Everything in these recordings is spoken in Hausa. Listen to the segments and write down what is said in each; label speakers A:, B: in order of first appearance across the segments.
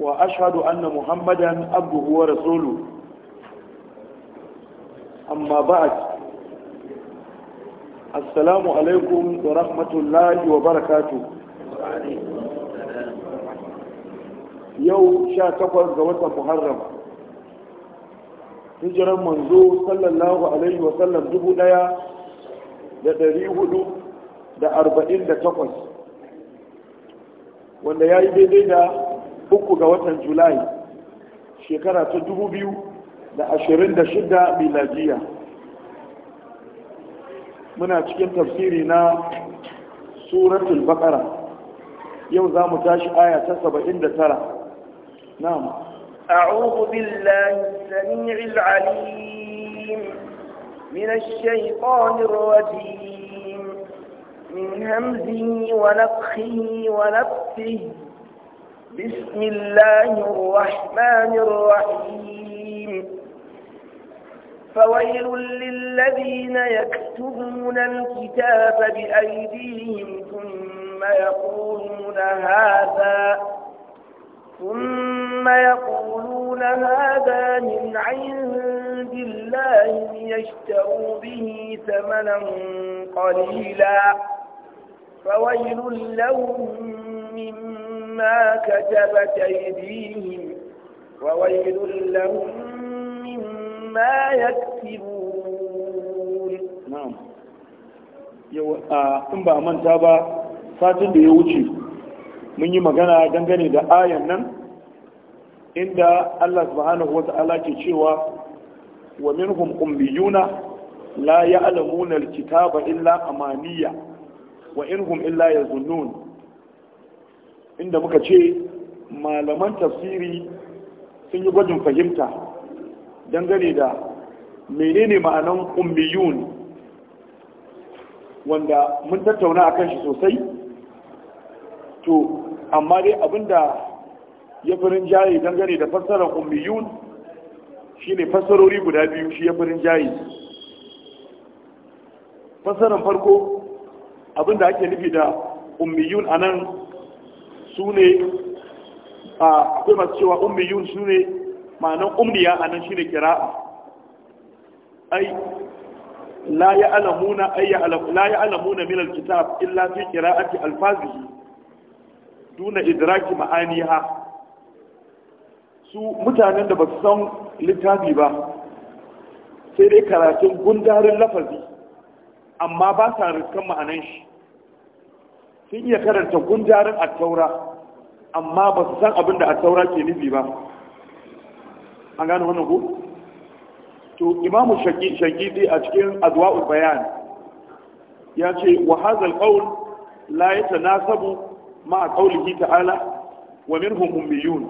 A: wa ashadu anna muhammadan abduhu wa rasulu amma ba'ad assalamu alaikum wa rahmatullahi wa barakatuh yau 18 ga watan muharram hijiran manzo sallallahu alaihi wa sallam dubu ɗaya da dari hudu da arba'in da takwas wanda ya yi daidai da uku ga watan julai shekara ta dubu biyu da ashirin da shida miladiya muna cikin tafsiri na suratul baqara yau za mu tashi aya ta saba'in da tara
B: na'am
C: أعوذ بالله السميع العليم من الشيطان الرجيم من همزه ونفخه ونفسه بسم الله الرحمن الرحيم فويل للذين يكتبون الكتاب بأيديهم ثم يقولون هذا ثم يقولون هذا من عند الله ليشتروا به ثمنا قليلا فويل لهم مما مما كتبت أيديهم وويل لهم مما
B: يكسبون نعم
A: yau in ba manta ba satin da ya wuce mun yi magana dangane da ayan nan inda Allah subhanahu wa ta'ala ke cewa wa minhum ummiyuna la ya'lamuna alkitaba illa amaniya wa inhum illa yazunnun inda muka ce malaman tafsiri sun yi gwajin fahimta dangane da menene ma'anan ummiyun wanda mun tattauna a kanshi shi sosai to amma dai abinda ya firin jaye dangane da fassarar ummiyun shi ne fassarori guda biyu shi ya firin jaye fassarar farko abinda ake nufi da ummiyun a nan su ne akwai masu cewa ummiyun su ne ma'anin ummiya a nan shi ne kira. ai la ya alamuna ai la ya alamuna min alkitab illa fi qira'ati alfazihi duna idraki ma'aniha su mutanen da ba su san littafi ba sai dai karatun gundarin lafazi amma ba sa riskan ma'anan shi sun iya karanta a attaura amma ba su san abin da attaura ke nufi ba an gano wannan ku to imamu shagidi a cikin adwa'ul bayan ya ce wa hazal qaul la yatanasabu ma hita ta'ala wa minhum ummiyun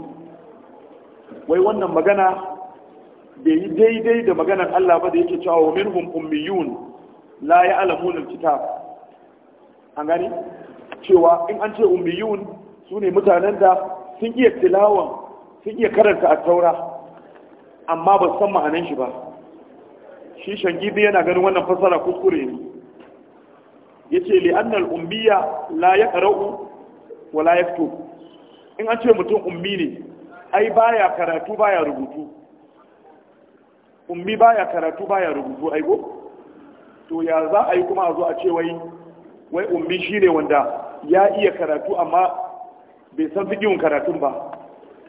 A: wai wannan magana bai yi daidai da maganar Allah ba da yake cewa wa minhum ummiyun la ya'lamuna alkitab an gani cewa in an ce ummiyun su ne mutanen da sun iya tilawan sun iya karanta a taura amma ba san ma'anan shi ba shi shangidi yana ganin wannan fasara kuskure ne ya ce li'annal Umbiya la ya ƙara'u wa la ya fito in an ce mutum Umbi ne ai baya karatu baya rubutu ba baya karatu baya rubutu aiko? to ya za a yi kuma a zo a ce wai wai shi ne wanda ya iya karatu amma bai san fiƙin karatun ba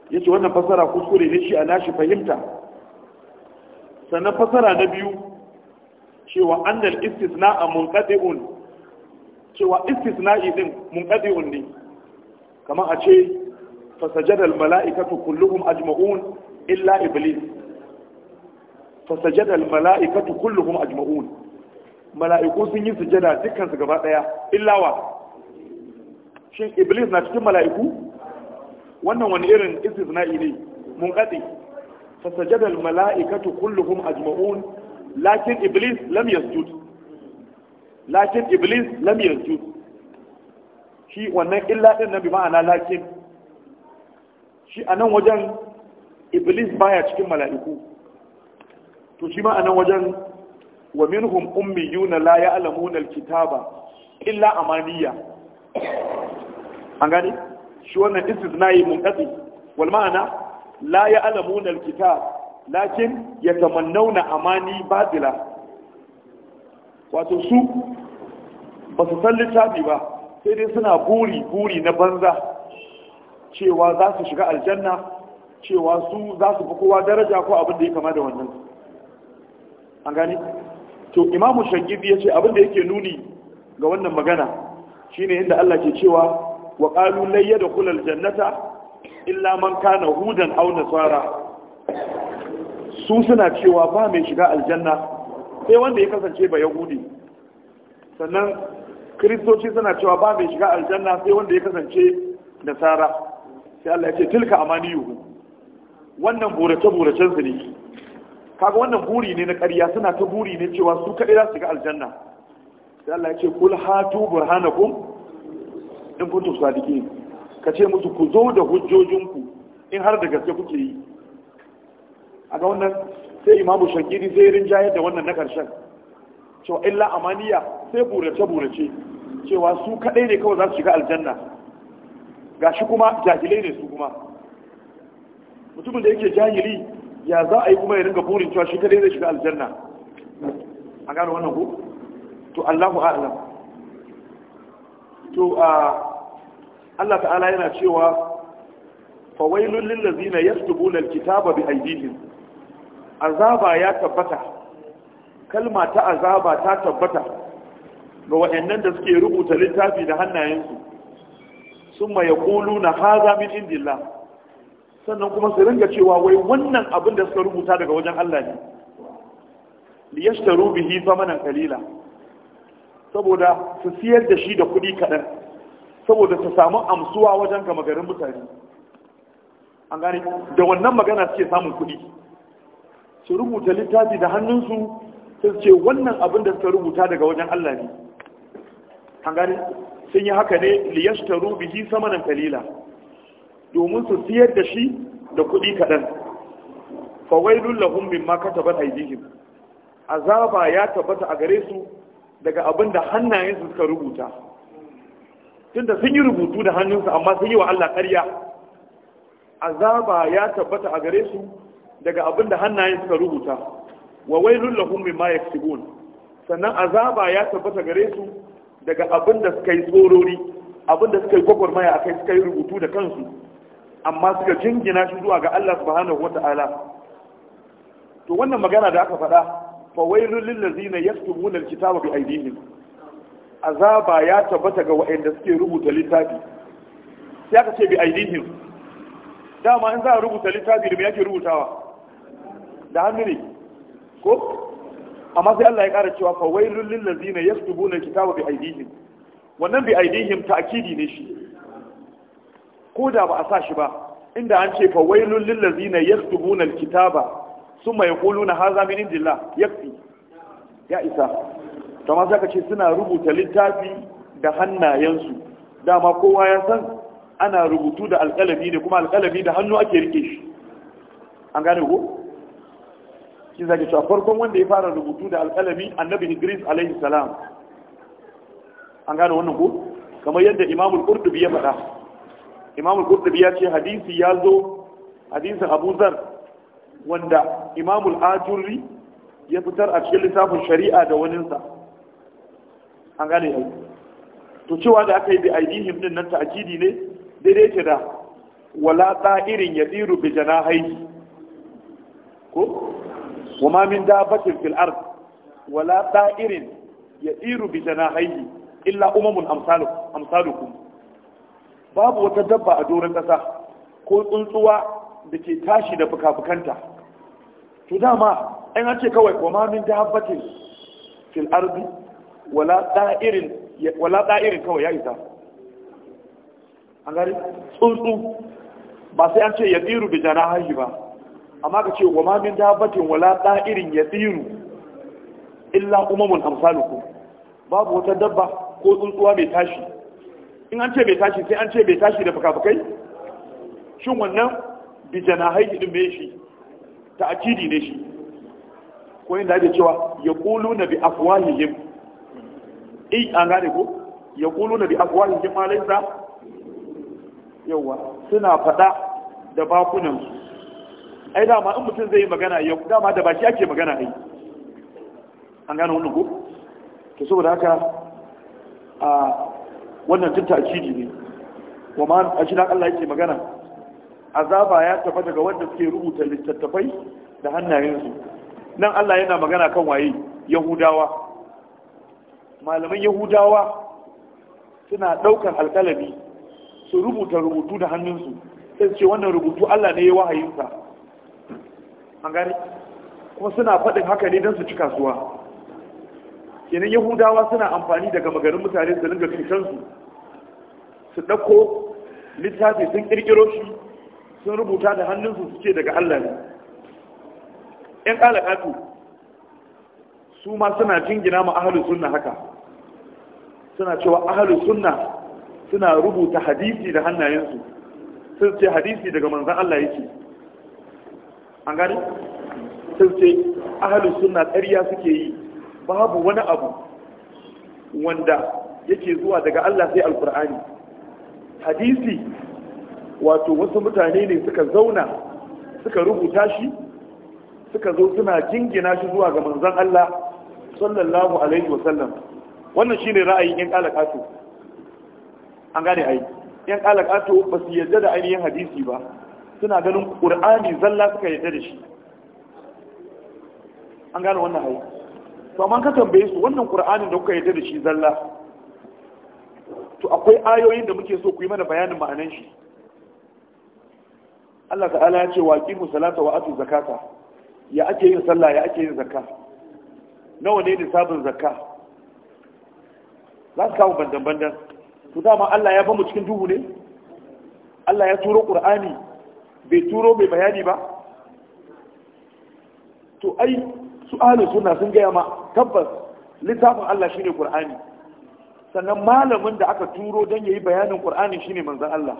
A: ya ce wannan fasara kuskure ne shi a nashi fahimta sannan fasara na biyu cewa annal istisna a munkaɗe'un cewa istisna'i idin munkaɗe'un ne kamar a ce fasajadal mala'ikatu kulluhum ajma'un illa iblis fasajadal mala'ikatu kulluhum ajma'un mala'iku sun yi sujada dukkan su gaba daya illawa shin iblis na cikin mala'iku wannan wani irin istisna'i ne mun kadi fasajada al mala'ikatu kulluhum ajma'un lakin iblis lam yasjud lakin iblis lam yasjud shi wannan illa din nabi bi ma'ana lakin shi anan wajen iblis baya cikin mala'iku to shi ma anan wajen wa minhum ummiyuna la ya'lamuna al-kitaba illa amaniya an gane shi wannan mun kasi. wal ma'ana la ya'lamuna al kita lakin tamannauna amani badila wato su ba su san littafi ba sai dai suna buri buri na banza cewa za su shiga aljanna cewa su za su fi kowa daraja ko abin da ya kama da wannan an to imamu shagidi ya ce abin da yake nuni ga wannan magana shine inda Allah ke cewa wa qalu la yadkhul jannata illa man kana hudan aw nasara su suna cewa ba mai shiga aljanna sai wanda ya kasance ba yahudi sannan kristoci suna cewa ba mai shiga aljanna sai wanda ya kasance nasara sai Allah ya ce tilka amaniyuhu wannan burace buracensu ne kaga wannan buri ne na ƙarya suna ta buri ne cewa su kaɗai za su shiga aljanna sai Allah ya ce kul hatu burhanakum in kuntum sadiqin ka ce musu ku zo da hujjojinku in har da gaske kuke yi a ga wannan sai imamu shakiri zai rinjayar da wannan na karshen cewa illa amaniya sai burace burace cewa su kadai ne kawai za su shiga aljanna gashi kuma jahilai ne su kuma mutumin da yake jahili ya za a yi kuma ya ringa burin cewa shi kadai zai shiga aljanna a gano wannan ku to Allahu a'lam to a Allah ta'ala yana cewa fawailul lil ladzina yaktubuna alkitaba bi aydihim azaba ya tabbata kalma ta azaba ta tabbata ga wayannan da suke rubuta littafi da hannayensu summa yaquluna hadha min indillah sannan kuma su ringa cewa wai wannan abin da suka rubuta daga wajen Allah ne liyashtaru bihi thamanan qalila saboda su siyar da shi da kuɗi kaɗan saboda su samu amsuwa wajen gama garin mutane an gane da wannan magana suke samun kuɗi su rubuta littafi da hannunsu sun ce wannan abin da suka rubuta daga wajen Allah ne an gane sun yi haka ne liyashtaru bihi samanan kalila domin su siyar da shi da kuɗi kaɗan fawailun lahum mimma katabat aydihim azaba ya tabbata a gare su daga abin da hannayensu suka rubuta tunda sun yi rubutu da hannunsu amma sun yi wa Allah ƙarya azaba ya tabbata a gare su daga abin da hannayen suka rubuta wa wailul lahum mimma yaktubun sannan azaba ya tabbata gare su daga abin da suka yi tsorori abin da suka yi gwagwarmaya akai suka yi rubutu da kansu amma suka jingina shi zuwa ga Allah subhanahu wata'ala to wannan magana da aka faɗa fawailun lillazina yaktubuna alkitaba bi aydihim azaba ya tabbata ga waɗanda suke rubuta littafi sai aka ce bi aydihim dama in za a rubuta littafi da me yake rubutawa da hannu ne ko amma sai Allah ya ƙara cewa fawailun lillazina yaktubuna alkitaba bi aydihim wannan bi aydihim ta'kidi ne shi ko da ba a sa shi ba inda an ce fa wailul lil ladzina yaktubuna alkitaba sun mai kulu na haza min indillah yakfi ya isa to ma zaka ce suna rubuta littafi da hannayensu dama kowa ya san ana rubutu da alƙalami ne kuma alƙalami da hannu ake rike shi an gane ko shi zaki cewa farkon wanda ya fara rubutu da alƙalami annabi Idris alaihi salam an gane wannan ko kamar yadda Imam al-Qurtubi ya faɗa Imam al-Qurtubi ya ce hadisi ya zo hadisin Abu Zar wanda imamul ajurri ya fitar a cikin littafin shari'a da waninsa an gane yau to cewa da aka yi bi aidihim din nan ta'kidi ne daidai ke da wala ta'irin ya tsiru bi janahihi ko kuma min dabatin fil ard wala ta'irin ya tsiru bi janahihi illa umamun amsalukum babu wata dabba a doron kasa ko tsuntsuwa da ke tashi da fuka-fukanta to dama in an ce kawai wa ma min dabbatin fil ardi wala da'irin wala da'irin kawai ya isa an gari tsuntsu ba sai an ce ya tsiru bi haji ba amma ka ce wa ma min dabbatin wala da'irin ya tsiru illa umamul amsalukum babu wata dabba ko tsuntsuwa mai tashi in an ce mai tashi sai an ce mai tashi da fuka-fukai shin wannan bi janahahi din me shi ta'akidi ne shi ko inda ake cewa yaquluna bi afwahihim ai eh, an gane ko yaquluna bi afwahihim ma laysa yawa suna fada da bakunan su ai dama in mutum zai yi magana ya dama da baki ake magana ai an gane wannan ko to saboda haka a wannan tun ne wa ma a shi Allah yake magana azaba ya tafi daga wanda suke rubuta littattafai da hannayensu nan Allah yana magana kan waye yahudawa malaman yahudawa suna ɗaukan alkalami su rubuta rubutu da hannunsu sai ce wannan rubutu Allah ne ya wahayinsa an gani kuma suna faɗin haka ne don su ci kasuwa kenan yahudawa suna amfani daga maganin mutane su dinga cutansu su ɗauko littafi sun ƙirƙiro shi sun rubuta da hannunsu su ce daga Allah ne ‘yan ƙalaƙatu su ma suna jingina ma ahalus sunna haka suna cewa ahalus sunna suna rubuta hadisi da hannayensu sun ce hadisi daga manzan Allah yake an gani sun ce ahalus sunna ƙariya suke yi babu wani abu wanda yake zuwa daga Allah sai alkur'ani hadisi wato wasu mutane ne suka zauna suka rubuta shi suka zo suna jingina shi zuwa ga manzon Allah sallallahu alaihi wasallam wannan shine ra'ayin yan kalakato an gane ai yan kalakato ba su yarda da ainihin hadisi ba suna ganin qur'ani zalla suka yarda da shi an gane wannan ai to amma ka tambaye su wannan qur'anin da kuka yarda da shi zalla to akwai ayoyin da muke so ku yi mana bayanin ma'anan shi Allah ta'ala ya ce waqimu salata wa atu zakata ya ake yin sallah ya ake yin zakka nawa ne nisabin zakka za su kawo bandan bandan to dama Allah ya bamu cikin duhu ne Allah ya turo Qur'ani bai turo mai bayani ba to ai su ahlus sunna sun gaya ma tabbas littafin Allah shine Qur'ani sannan malamin da aka turo don yayi bayanin Qur'ani shine manzan Allah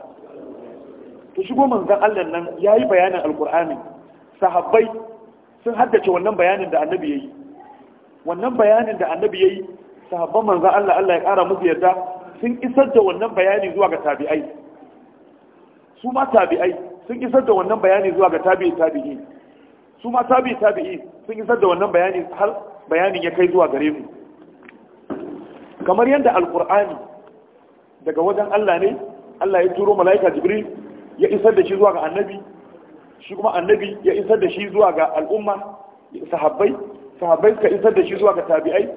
A: to shigo manzan Allah nan ya yi bayanin alkur'ani sahabbai sun haddace wannan bayanin da annabi ya yi wannan bayanin da annabi ya yi sahabban manzan Allah Allah ya ƙara musu yarda sun isar da wannan bayani zuwa ga tabi'ai su ma tabi'ai sun isar da wannan bayani zuwa ga tabi'i tabi'i su ma tabi'i tabi'i sun isar da wannan bayani har bayanin ya kai zuwa gare mu kamar yadda alkur'ani daga wajen Allah ne Allah ya turo mala'ika Jibril ya isar da shi zuwa ga annabi shi kuma annabi ya isar da shi zuwa ga al'umma sahabbai sahabbai ka isar da shi zuwa ga tabi'ai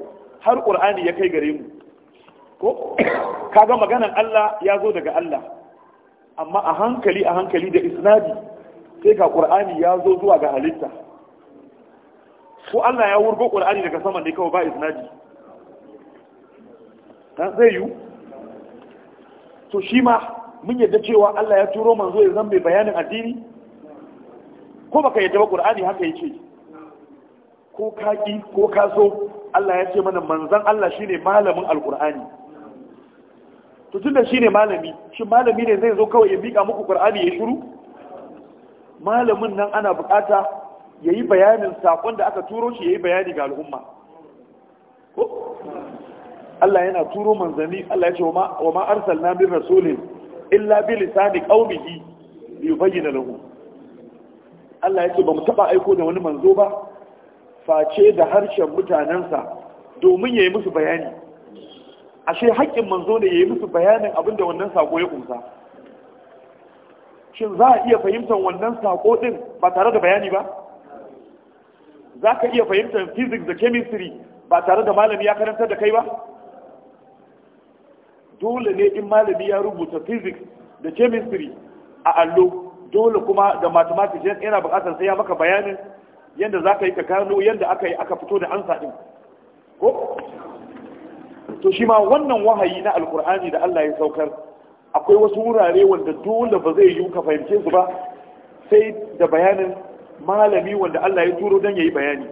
A: har qur'ani ya kai gare mu ko kaga maganan Allah ya zo daga Allah amma a hankali a hankali da isnadi sai ga qur'ani ya zo zuwa ga halitta ko Allah ya wurgo qur'ani daga sama ne kawai ba isnadi dan zai yu to shi ma mun yadda cewa Allah ya turo manzo ya zambe mai bayanin addini ko baka yadda ba Qur'ani haka yake ko ka ki ko ka Allah ya ce mana manzan Allah shine malamin alqur'ani to tunda shine malami shi malami ne zai zo kawai ya bika muku Qur'ani ya shiru malamin nan ana bukata yayi bayanin sakon da aka turo shi yayi bayani ga al'umma Allah yana turo manzanni Allah ya ce wa ma arsalna min rasulin illa bi lisani qaumihi yubayyin lahu Allah yake ba mu taba aiko da wani manzo ba face da harshen mutanensa domin yayi musu bayani ashe haƙƙin manzo ne yayi musu bayanin abinda wannan sako ya kunsa shin za a iya fahimtar wannan sako din ba tare da bayani ba za ka iya fahimtar physics da chemistry ba tare da malami ya karantar da kai ba dole ne in malami ya rubuta physics da chemistry a allo dole kuma da mathematics yana bukatar sai ya maka bayanin yadda za ka yi ka gano yadda aka yi aka fito da ansa ɗin ko to shi ma wannan wahayi na alkur'ani da Allah ya saukar akwai wasu wurare wanda dole ba zai yiwu ka fahimce su ba sai da bayanin malami wanda Allah ya turo don ya yi bayani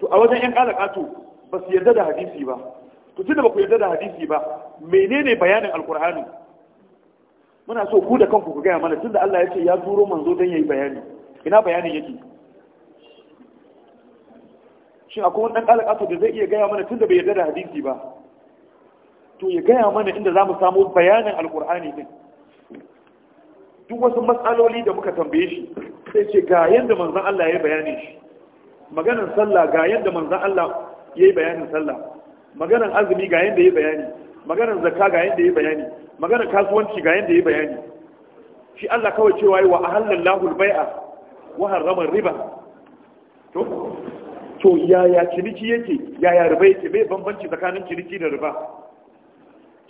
A: to a wajen 'yan kalakatu ba su yarda da hadisi ba Ku tunda ba ku yarda da hadisi ba menene bayanin alkur'ani muna so ku da kanku ku gaya mana tunda Allah ya ce ya turo manzo don yayi bayani ina bayanin yake shin akwai wani dan alƙato da zai iya gaya mana tunda bai yarda da hadisi ba to ya gaya mana inda zamu mu samu bayanin alkur'ani din duk wasu matsaloli da muka tambaye shi sai ce ga yadda manzan Allah ya bayani shi maganin sallah ga yadda manzan Allah ya yi bayanin sallah Maganar azumi ga yadda ya bayani maganar zakka ga yadda ya bayani maganar kasuwanci ga yadda ya bayani shi Allah kawai cewa yi wa ahallallahu al-bai'a wa harrama riba to to yaya ciniki yake yaya riba yake bai bambanci tsakanin ciniki da riba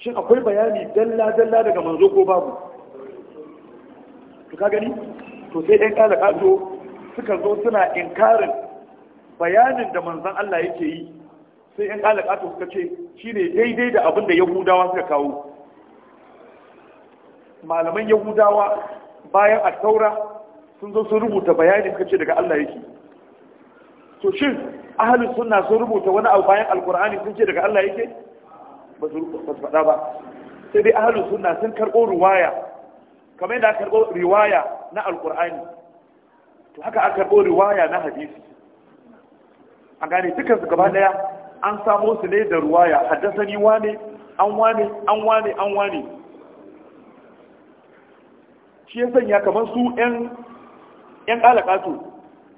A: shin akwai bayani dalla dalla daga manzo ko babu to ka gani to sai ɗan kala kaso suka zo suna inkarin bayanin da manzon Allah yake yi sai yan kalakatu suka ce shi ne daidai da abin da yahudawa suka kawo malaman yahudawa bayan a taura sun zo sun rubuta bayani suka ce daga Allah yake to shi ahalin suna sun rubuta wani abu bayan alkur'ani sun ce daga Allah yake ba su faɗa ba sai dai ahalin suna sun karɓo riwaya. kamar yadda aka karɓo riwaya na alkur'ani to haka aka karɓo riwaya na hadisi a gane dukkan su gaba ɗaya. an samo su ne da ruwaya haddasani wane an wane an wane an wane shi ya sanya kamar su 'yan ƙalaƙatu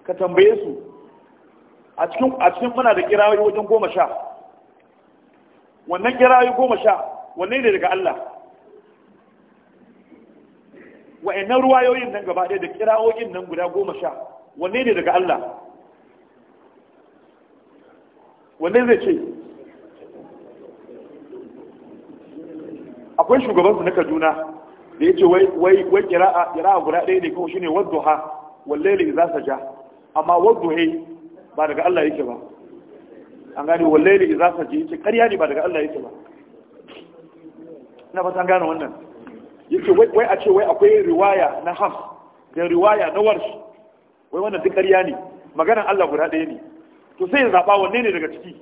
A: ka tambaye su a cikin muna da kirayoyi wajen goma sha wannan kirayoyi goma sha wannan ne daga Allah wa'annan ruwayoyin nan gaba ɗaya da kirayoyin nan guda goma sha wannan ne daga Allah wanne zai ce akwai shugabansu na kaduna da ya ce wai kira'a guda ɗaya ne kawai shine wadda ha walle ne za sa ja amma wadda he ba daga Allah yake ba an gane walle ne za sa ji ce karya ne ba daga Allah yake ba ina fata an gane wannan ce wai a ce wai akwai riwaya na ham da riwaya na warshi wai wannan duk karya ne maganar Allah guda ɗaya ne to sai ya zaɓa wanne ne daga ciki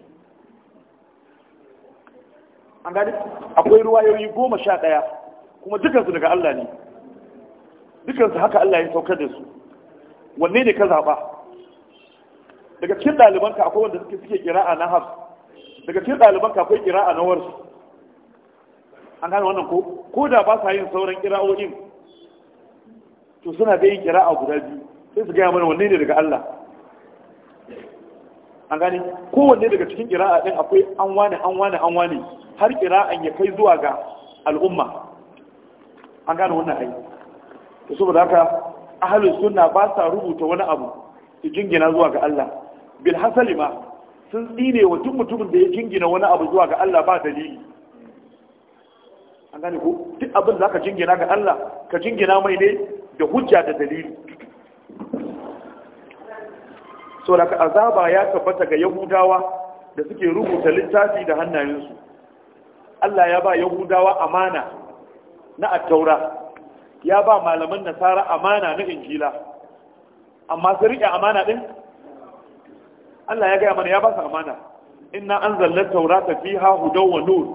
A: an gani akwai ruwayoyi goma sha ɗaya kuma dukansu daga Allah ne dukansu haka Allah ya saukar da su wanne ne ka zaɓa daga cikin ɗalibanka akwai wanda suke suke ƙira'a na haf daga cikin ɗalibanka akwai ƙira'a na warsu an gane wannan ko ko da ba sa yin sauran ƙira'o'in to suna da yin ƙira'a guda biyu sai su gaya mana wanne ne daga Allah an gane kowanne daga cikin kira'a ɗin akwai an wane an wane an wane har kira'an ya kai zuwa ga al'umma an gane wannan ai to saboda haka ahlus sunna ba sa rubuta wani abu su jingina zuwa ga Allah bil hasali ma sun tsine wa duk mutumin da ya jingina wani abu zuwa ga Allah ba dalili an gane ko duk abin da ka jingina ga Allah ka jingina mai ne da hujja da dalili saboda azaba ya tabbata ga yahudawa da suke rubuta littafi da hannayensu Allah ya ba yahudawa amana na attaura ya ba malaman nasara amana na injila amma su riƙe amana ɗin Allah ya gaya mana ya ba su amana inna an zallar taurata fiha hudaw wa nur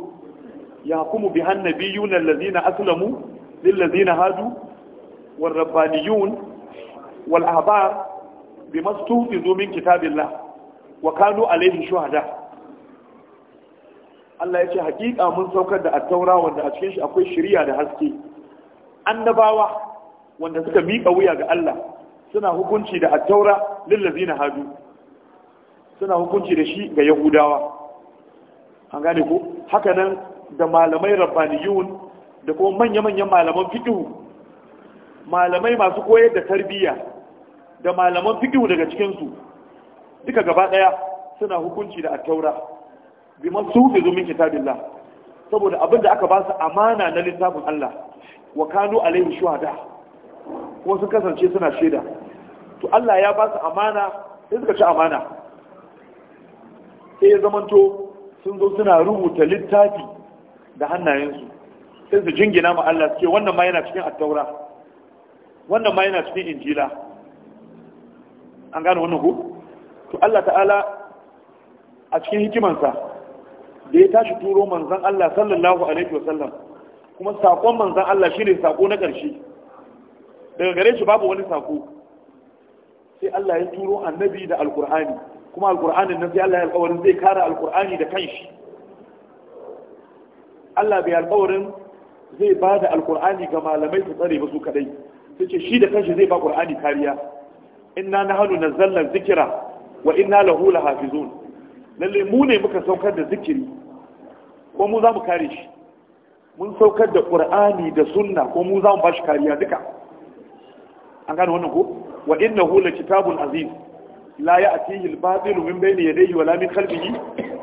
A: ya kuma bi hannabiyuna allazina aslamu lillazina hadu wal والأحبار bi mastufizu min kitabillah wa kanu alaihi shuhada Allah ya ce hakika mun saukar da attaura wanda a cikin shi akwai shari'a da haske annabawa wanda suka miƙa wuya ga Allah suna hukunci da attaura lillazina hadu suna hukunci da shi ga yahudawa an gane ko haka nan da malamai rabbaniyun da kuma manya-manyan malaman fiqh malamai masu koyar da tarbiyya da malaman fikihu daga cikinsu, su duka gaba daya suna hukunci da at-taura bi mansuhi zumin kitabillah saboda abin da aka ba su amana na littafin Allah wa kanu alaihi shuhada kuma sun kasance suna shaida to Allah ya ba su amana sai suka ci amana sai ya zamanto sun zo suna rubuta littafi da hannayensu sai su jingina ma Allah suke wannan ma yana cikin attaura wannan ma yana cikin injila an gane wannan ko to Allah ta'ala a cikin hikimansa da ya tashi turo manzan Allah sallallahu alaihi wasallam kuma sakon manzan Allah shine sako na ƙarshe daga gare shi babu wani sako sai Allah ya turo annabi da alkur'ani kuma alkur'anin nan sai Allah ya alƙawarin zai kare alkur'ani da kanshi Allah bai alƙawarin zai ba da alkur'ani ga malamai su tsare ba su kadai sai ce shi da kanshi zai ba qur'ani kariya inna na nazzalna dhikra wa inna lahu hafizun. lalle mu ne muka saukar da zikiri ko mu za mu kare shi mun saukar da ƙur'ani da sunna ko mu za mu bashi kariya duka an gane wannan ko wa hula kitabun aziz la ya'tihi al-batil min bayni yadayhi wa la min khalfihi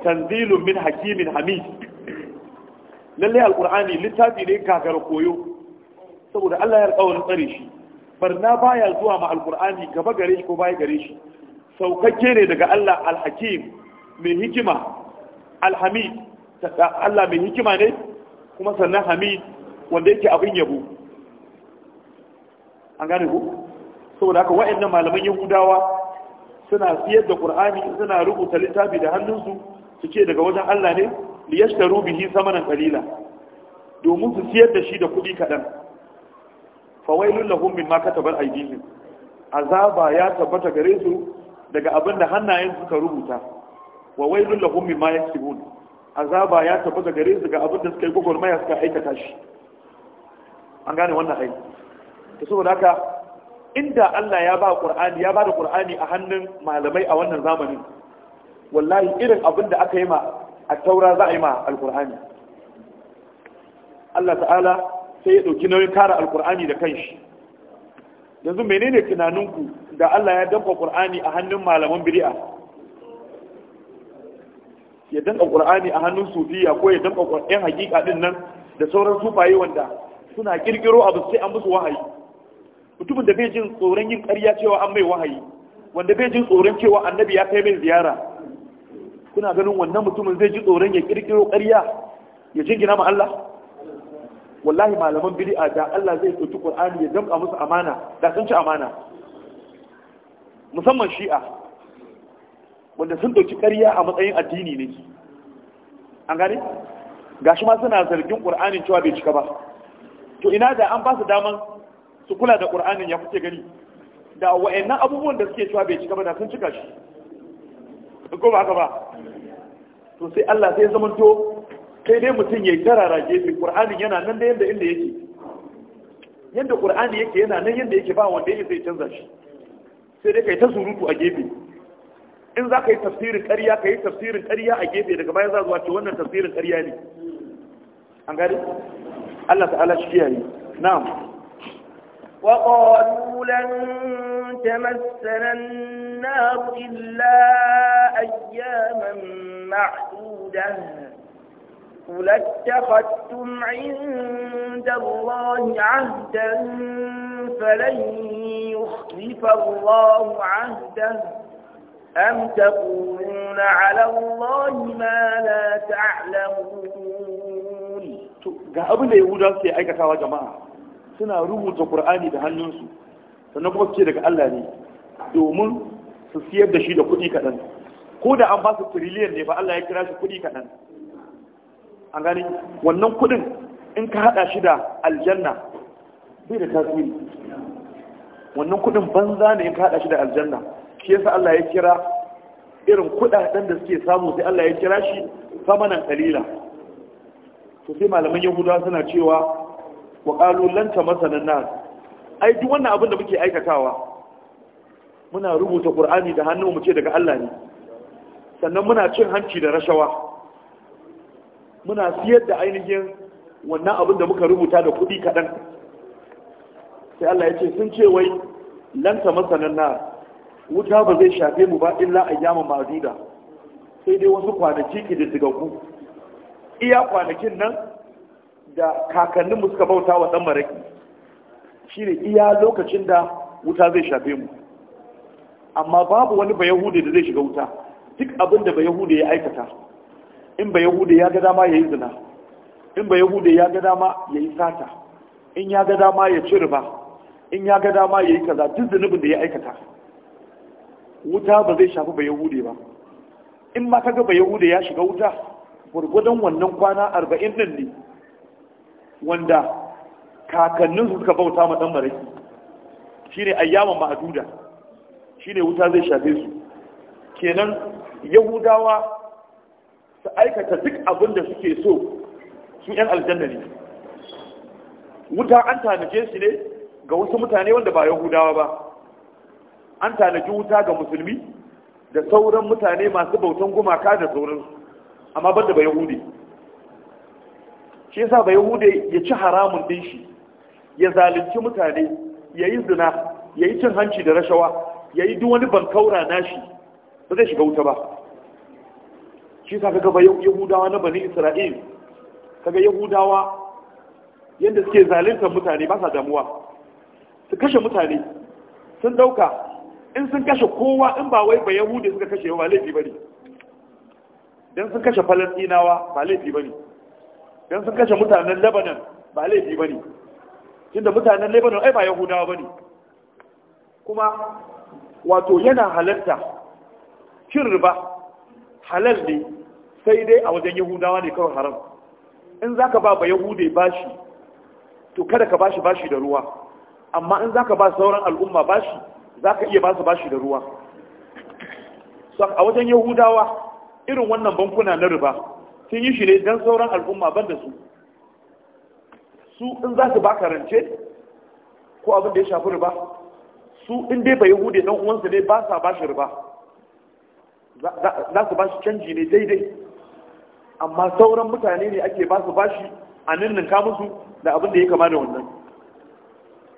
A: tanzilun min hakimin hamid lalle alqur'ani littafi ne kakar koyo saboda Allah ya alƙawarin tsare shi barna baya zuwa ma alkur'ani gaba gare shi ko baya gare shi saukakke ne daga Allah alhakim mai hikima alhamid Allah mai hikima ne kuma sannan hamid wanda yake abin yabo an gane ku saboda haka wa'annan malaman yahudawa suna siyar da qur'ani suna rubuta littafi da hannunsu su ce daga wajen Allah ne liyashtaru bihi samanan qalila domin su siyar da shi da kuɗi kaɗan fawailun lahum mimma katabat aydihim azaba ya tabbata gare su daga abin da hannayen suka rubuta wa wailun lahum mimma yaksibun azaba ya tabbata gare su ga abin da suka yi gwagwarmaya suka aikata shi an gane wannan ai to saboda haka inda Allah ya ba Qur'ani ya ba da Qur'ani a hannun malamai a wannan zamanin wallahi irin abin da aka yi ma a taura za a yi ma alkur'ani Allah ta'ala sai ya ɗauki nauyin kara alkur'ani da kanshi yanzu menene tunaninku da Allah ya danka ƙur'ani a hannun malaman bid'a ya danka ƙur'ani a hannun sufiya ko ya danka Qur'an hakika din nan da sauran sufaye wanda suna kirkiro abu sai an musu wahayi mutumin da bai jin tsoron yin ƙarya cewa an mai wahayi wanda bai jin tsoron cewa annabi ya kai mai ziyara kuna ganin wannan mutumin zai ji tsoron ya kirkiro ƙarya ya jingina ma Allah wallahi malaman bid'a da Allah zai ɗauki Qur'ani ya damƙa musu amana da sun ci amana musamman shi'a wanda sun ɗauki ƙarya a matsayin addini ne an gane gashi ma suna zargin Qur'anin cewa bai cika ba to ina da an ba su daman su kula da Qur'anin ya kuke gani da wa'annan abubuwan da suke cewa bai cika ba da sun cika shi ko ba haka ba to sai Allah sai zama to kai dai mutum ya yi tarara gefe ƙur'ani yana nan da yadda inda yake yadda ƙur'ani yake yana nan yadda yake ba wanda yake sai canza shi sai dai ka yi ta surutu a gefe in za ka yi tafsirin ƙarya ka yi tafsirin ƙarya a gefe daga baya za zuwa ce wannan tafsirin ƙarya ne an gari Allah ta'ala shi kiyaye na'am وقالوا
C: لن تمسنا النار إلا قل اتخذتم عند الله عهدا فلن يخلف الله عهده أم تقولون على الله ما لا تعلمون
A: ga abin da yahuda suke aikatawa jama'a suna rubuta qur'ani da hannunsu sannan kuma ce daga Allah ne domin su siyar da shi da kuɗi kaɗan ko da an ba su ne ba Allah ya kira shi kuɗi kaɗan an gani wannan kudin in ka hada shi da aljanna bai da tasiri wannan kudin banza ne in ka hada shi da aljanna shi yasa Allah ya kira irin kudaden da suke samu sai Allah ya kira shi samanan kalila to sai malaman yahudawa suna cewa wa qalu lan tamassana nas ai duk wannan abin da muke aikatawa muna rubuta qur'ani da hannu mu ce daga Allah ne sannan muna cin hanci da rashawa muna siyar da ainihin wannan abin da muka rubuta da kuɗi kaɗan sai Allah ya ce sun ce wai lanta masanan na wuta ba zai shafe mu ba illa a ayyama ma'aduda, sai dai wasu kwanaki kididdigaggu iya kwanakin nan da kakannin mu suka bauta wa dan maraki shine iya lokacin da wuta zai shafe mu amma babu wani ba yahudi da zai shiga wuta duk abin da ba ya aikata in ba yahude ya ga dama ya yi zina in ba yahude ya ga dama ya yi sata in ya ga dama ya ci riba in ya ga dama ya yi kaza duk zunubin da ya aikata wuta ba zai shafi ba yahude ba in ma ka ga ba yahude ya shiga wuta gwargwadon wannan kwana arba'in nan ne wanda kakannin suka bauta ma dan maraki shine ayyawan ma'aduda shine wuta zai shafe su kenan yahudawa su aikata duk abin da suke so su yan aljanna ne wuta an tanaje shi ne ga wasu mutane wanda ba yahudawa ba an tanaji wuta ga musulmi da sauran mutane masu bautan gumaka da sauransu amma banda ba yahudi shi yasa ba yahude ya ci haramun din shi ya zalunci mutane ya yi zina ya yi cin hanci da rashawa ya yi duk wani bankaura nashi ba zai shiga wuta ba shi sa kaga yahudawa na bani isra'il kaga yahudawa yadda suke zaluntar mutane ba sa damuwa su kashe mutane sun dauka in sun kashe kowa in ba wai ba yahudi suka kashe ba laifi bane dan sun kashe falastinawa ba laifi bane dan sun kashe mutanen lebanon ba laifi bane tunda mutanen lebanon ai ba yahudawa bane kuma wato yana halarta cin riba halal ne sai dai a wajen yahudawa ne kawai haram in za ka ba ba yahude bashi to kada ka bashi bashi da ruwa amma in za ka ba sauran al'umma bashi za ka iya ba su bashi da ruwa a wajen yahudawa irin wannan bankuna na riba sun yi shi ne don sauran al'umma ban da su su in za su ba karance ko abin da ya shafi riba su in dai ba yahude dan uwansa ne ba sa bashi riba za su bashi canji ne daidai amma sauran mutane ne ake ba su bashi a ninninka musu da abin da ya kama da wannan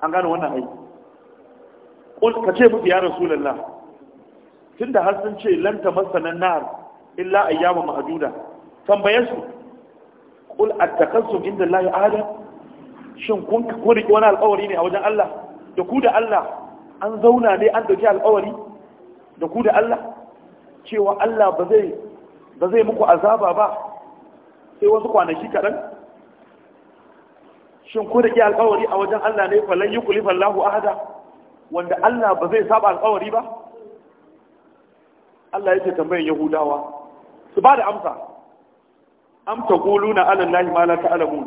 A: an gane wannan aiki ka ce musu ya rasulullah tunda har sun ce lan tamassana nar illa ayyama ma'duda tambaye su kul attakassum inda Allah ahada shin kun riki wani alƙawari ne a wajen Allah da ku da Allah an zauna ne an dauki alƙawari da ku da Allah cewa Allah ba zai ba zai muku azaba ba sai wasu kwanaki kaɗan shin ko da ke alkawari a wajen Allah ne falon yi kuli fallahu ahada wanda Allah ba zai saba alkawari ba Allah yake tambayin yahudawa su ba da amsa am ta gulu na alan lahi ma la ta'lamun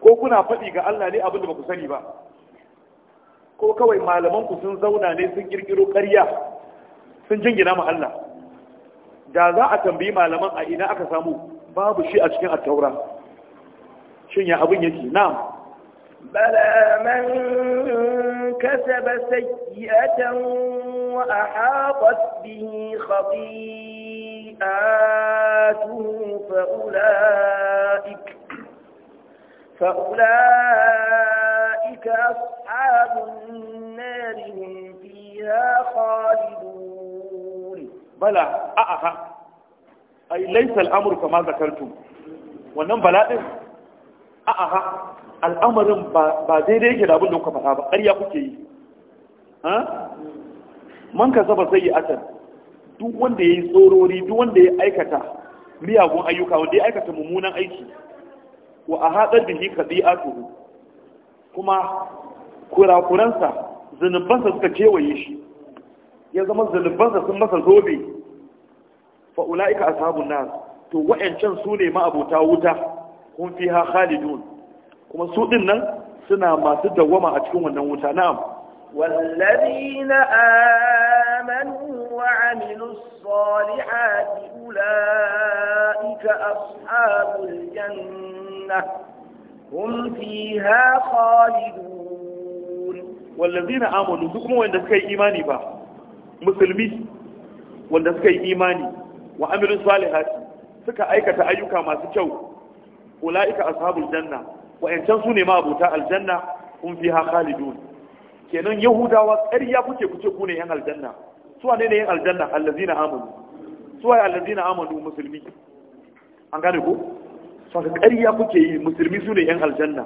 A: ko kuna faɗi ga Allah ne abin da ba ku sani ba ko kawai malaman ku sun zauna ne sun kirkiro ƙarya sun jingina ma Allah da za a tambayi malaman a ina aka samu babu shi a cikin attaura shin ya abin yake na'am
C: bala man kasaba sayyatan wa ahatat bihi khati'atuhu fa ulaika فأولئك أصحاب النار هم فيها خالدون بلى أأها
A: ai laisa al'amur kama zakartu wannan bala'in a'a ha al'amarin ba daidai yake da abin da kuka faɗa ba ƙarya kuke yi man ka zaba zai yi duk wanda ya yi tsorori duk wanda ya aikata miyagun ayyuka wanda ya aikata mummunan aiki wa a haɗar da shi ka kuma kurakuransa zunubansa suka kewaye shi ya zama zunubansa sun masa zobe fa'ula'ika a ashabun nan, to wayancan su ne ma'abota wuta kun ha khalidun kuma su ɗin nan suna masu dawwama a cikin wannan wuta na'am
C: a آمنوا وعملوا kun fi ha الجنة هم فيها خالدون
A: والذين آمنوا suka yi imani إيماني Musulmi wanda suka yi imani. wa amilu salihati suka aikata ayyuka masu kyau ulaika ashabul janna wa'ancan su ne ma abota aljanna fi fiha khalidun kenan yahudawa ƙarya kuke kuce ku ne yan aljanna su wane ne yan aljanna allazina amanu su waye allazina amanu musulmi an gane ko saka ƙarya kuke yi musulmi su ne yan aljanna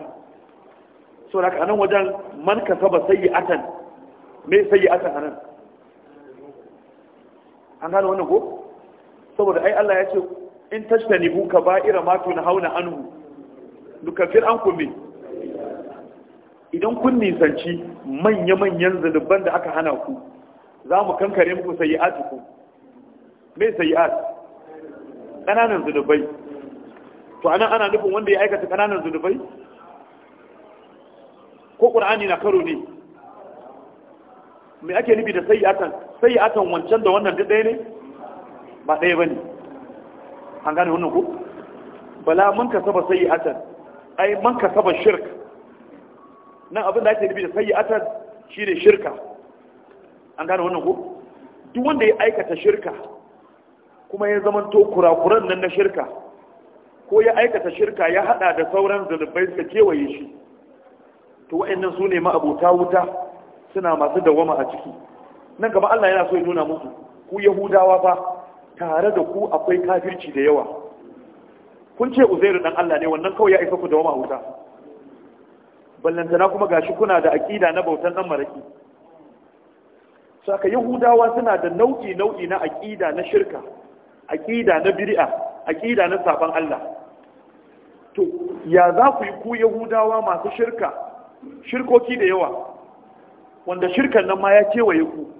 A: so da anan wajen man kasaba sayyi'atan me sayyi'atan anan an gane wannan ko saboda ai Allah ya ce in ka ba'ira ma hauna anhu nukaffir ku bi idan kun nisanci manya-manyan zulubban da aka hana ku za mu kankare muku sayi'at ku me sayi'at ƙananan zulubai to anan ana nufin wanda ya aikata ƙananan zulubai ko qur'ani na karo ne me ake nufi da sayi'atan sayi'atan wancan da wannan duk ɗaya ne ba ɗaya ba ne an gane wannan ku bala mun ka saba sayi atar. ai mun ka saba shirk nan abin da ake nufi da sayi atar shi ne shirka an gane wannan ku duk wanda ya aikata shirka kuma ya to kurakuran nan na shirka ko ya aikata shirka ya hada da sauran zulubai suka kewaye shi to wa'annan su ne ma'abuta wuta suna masu dawama a ciki nan gaba Allah yana so ya nuna musu ku yahudawa fa tare da ku akwai kafirci da yawa kun ce uzairu dan Allah ne wannan kawai ya isa ku da wama wuta ballantana kuma gashi kuna da aqida na bautan dan maraki saka yahudawa suna da nau'i nau'i na aqida na shirka aqida na bid'a aqida na saban Allah to ya za ku yi ku yahudawa masu shirka shirkoki da yawa wanda shirkan nan ma ya kewaye ku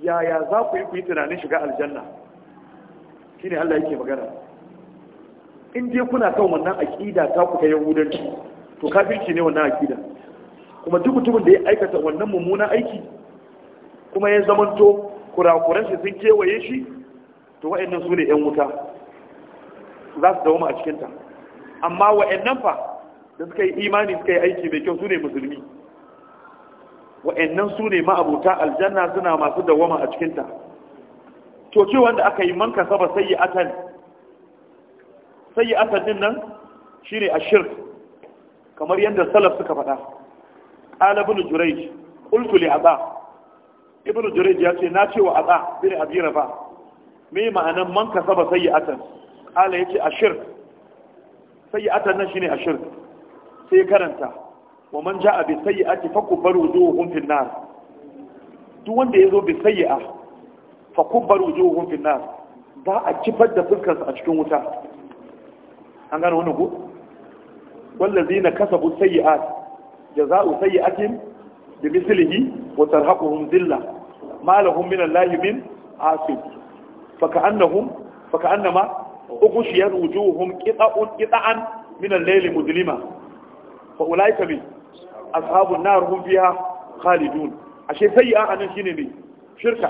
A: yaya za ku yi ku yi tunanin shiga aljanna ne Allah yake magana in dai kuna kan wannan aƙida ta ku ta yahudanci to kafirci ne wannan aƙida kuma duk mutumin da ya aikata wannan mummunan aiki kuma ya zamanto kurakuran shi sun kewaye shi to wa'annan su ne 'yan wuta za su dawoma a cikinta amma wa'annan fa da suka yi imani suka yi aiki mai kyau su ne musulmi wa'annan su ne ma'abuta aljanna suna masu dawama a cikinta to ce wanda aka yi man kasaba sayyi'atan sayyi'atan din nan shine ashirk kamar yadda salaf suka faɗa Ƙala ibn jurayj qultu li aba ibn jurayj ya ce na ce wa aba bin abi rafa me ma'anan man kasaba sayyi'atan Ƙala yace ashirk sayyi'atan nan shine ashirk sai karanta wa man ja'a bi sayyi'ati fakubbaru wujuhum fin nar duk wanda yazo bi sayyi'a fa kubbar wujuhum fi nar za a kifar da fuskar a cikin wuta an gano gane wannan ko wallazina kasabu sayyi'at jazaa'u sayyi'atin bi mislihi wa tarhaquhum dhilla ma lahum min allahi min asib fa ka'annahum fa ka'annama ughshiyat wujuhum qita'un qita'an min al-layli mudlima fa ulaika bi ashabun nar hum fiha khalidun ashe sayyi'a anan shine ne shirka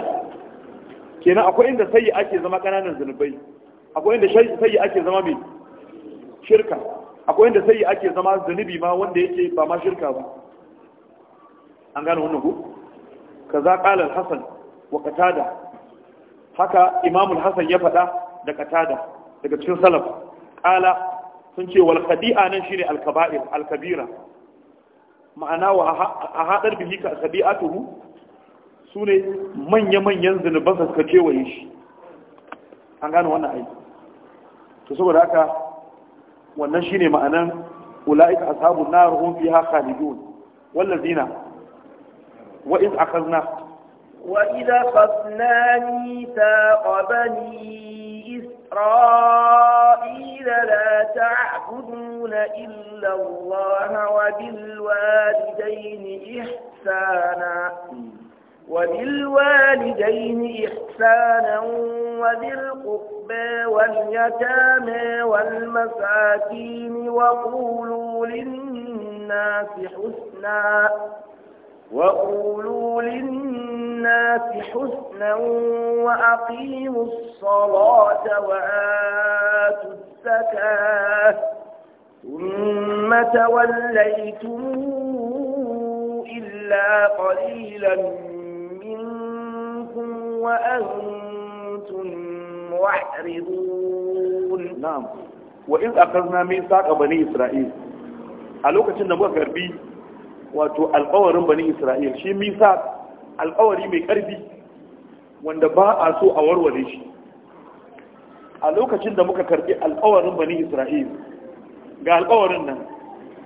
A: kenan akwai inda sayi ake zama ƙananan zunubai akwai inda sayi ake zama mai shirka akwai inda sayi ake zama zunubi ma wanda yake ba ma shirka ba an gane wannan ku kaza qala al-hasan wa qatada haka imam al-hasan ya faɗa da qatada daga cikin salaf qala sun ce wal khadi'a nan shine al-kaba'ir al-kabira ma'ana wa a hadar bihi ka sabi'atuhu su ne manya-manyan zunubansa suka kewaye shi an gano wannan aiki to saboda haka wannan shine ma'anan ula'ika ashabun nar hum fiha khalidun wallazina wa iz akhadna
C: wa idha qadna mithaqa bani إسرائيل illa تعبدون إلا الله وبالوالدين ihsana وبالوالدين إحسانا وذي القربى واليتامى والمساكين وقولوا للناس حسنا وقولوا للناس حسنا وأقيموا الصلاة وآتوا الزكاة ثم توليتم إلا قليلا
A: وأنتم معرضون نعم وإذ أخذنا ميثاق بني إسرائيل a lokacin da muka karbi wato alkawarin bani isra'il shi misa alkawari mai karfi wanda ba a so a warware shi a lokacin da muka karbi alkawarin bani isra'il ga alkawarin nan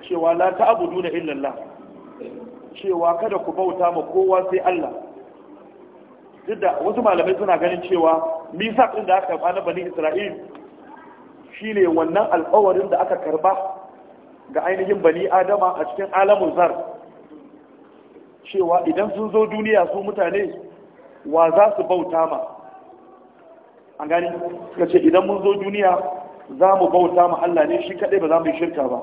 A: cewa la illallah cewa kada ku bauta ma kowa sai Allah duk da wasu malamai suna ganin cewa Misa ɗin da aka karɓa na bani isra'il shine wannan alƙawarin da aka karɓa ga ainihin bani adama a cikin alamun zar cewa idan sun zo duniya su mutane wa za su bauta ma an gani suka ce idan mun zo duniya za mu bauta ma Allah ne shi kaɗai ba za mu yi shirka ba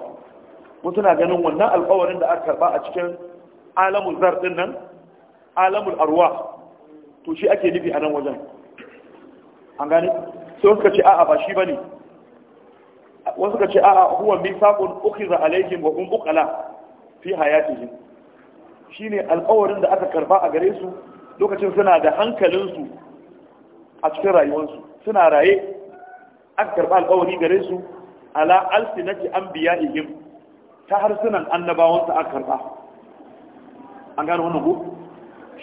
A: mun suna ganin wannan alƙawarin da aka karɓa a cikin alamun zar ɗin nan alamun arwa to shi ake nufi a nan wajen an gane sai suka ce a'a ba shi bane wasu suka ce a'a huwa mithaqun ukhiza alaihim wa hum uqala fi hayatihim shine alƙawarin da aka karba a gare su lokacin suna da hankalinsu a cikin rayuwarsu suna raye aka karba alƙawari gare su ala alsinati anbiya'ihim ta harsunan annabawansu aka karba an gano wannan ko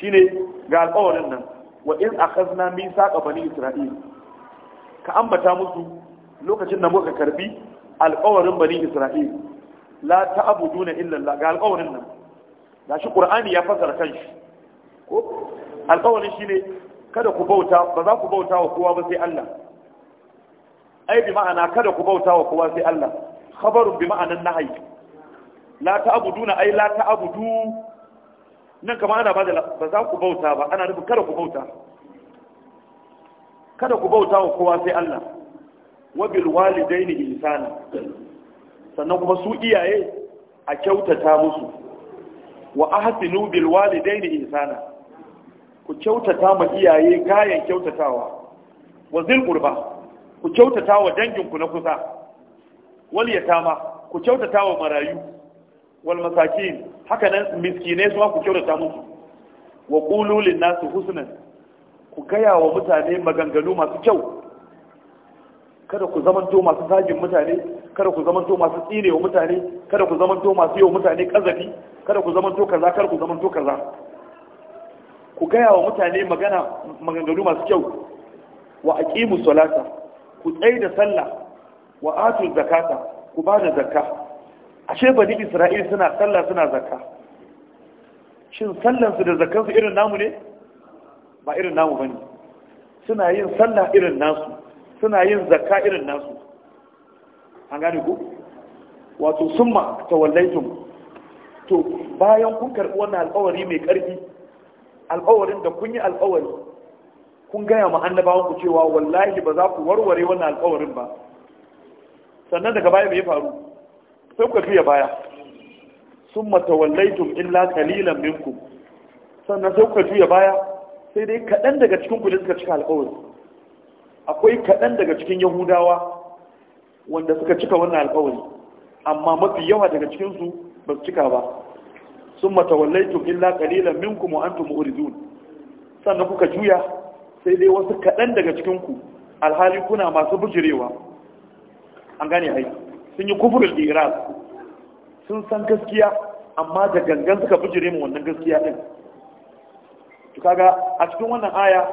A: shine ga alƙawarin nan wa in akhazna mithaqa bani isra'il ka ambata musu lokacin da muka karbi alƙawarin bani isra'il la ta'buduna illa Allah ga alƙawarin nan gashi qur'ani ya fassara kanshi ko alƙawarin shine kada ku bauta ba za ku bauta wa kowa ba sai Allah ai bi ma'ana kada ku bauta wa kowa sai Allah khabarun bi ma'anan nahyi la ta'buduna ai la ta'budu nan kama ana ba da ba za ku bauta ba ana nufin kada ku bauta kada ku bauta wa kowa sai Allah wa bil walidaini ihsana sannan kuma su iyaye a kyautata musu wa ahsinu bil walidaini ihsana ku kyautata ma iyaye kayan kyautatawa wa zil qurba ku kyautata wa danginku na kusa wal yatama ku kyautata wa marayu wal masakin haka nan miskinai su ku kyautata musu wa qulu nasu nasi husnan ku gaya wa mutane maganganu masu kyau kada ku zamanto masu zagin mutane kada ku zamanto masu tsine wa mutane kada ku zamanto masu yau mutane kazafi kada ku zamanto kaza kada ku zamanto kaza ku gaya wa mutane magana maganganu masu kyau wa aqimu salata ku tsaye da sallah wa atu zakata ku ba da zakka ashe bani isra'il suna sallah suna zakka shin sallansu da zakkansu irin namu ne ba irin namu bane suna yin sallah irin nasu suna yin zakka irin nasu an gane ku wato summa tawallaitum to bayan kun karɓi wannan alƙawari mai ƙarfi alƙawarin da kun yi alƙawari kun gaya ma annabawan ku cewa wallahi ba za ku warware wannan alƙawarin ba sannan daga baya me faru sai kuka juya baya sun matawallaitum illa kalilan minku sannan sai kuka juya baya sai dai kaɗan daga cikin kudin suka cika alƙawari. akwai kaɗan daga cikin yahudawa wanda suka cika wannan alkawari amma mafi yawa daga cikinsu ba su cika ba sun matawallaitum illa kalilan minku mu antum mu'ridun sannan kuka juya sai dai wasu kaɗan daga cikinku alhali kuna masu bujirewa an gane aiki sun yi kufurin iran sun san gaskiya amma da gangan suka bijire mu wannan gaskiya din to kaga a cikin wannan aya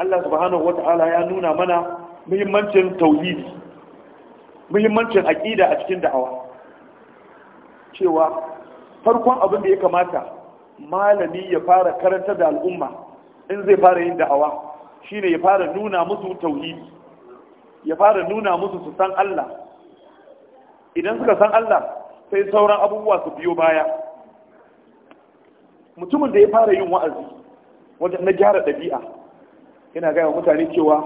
A: Allah subhanahu wata'ala ya nuna mana muhimmancin tauhidi muhimmancin aqida a cikin da'awa cewa farkon abin da ya kamata malami ya fara karanta da al'umma in zai fara yin da'awa shine ya fara nuna musu tauhidi ya fara nuna musu su san Allah idan suka san Allah sai sauran abubuwa su biyo baya mutumin da ya fara yin wa'azi wanda na gyara ɗabi'a yana gaya wa mutane cewa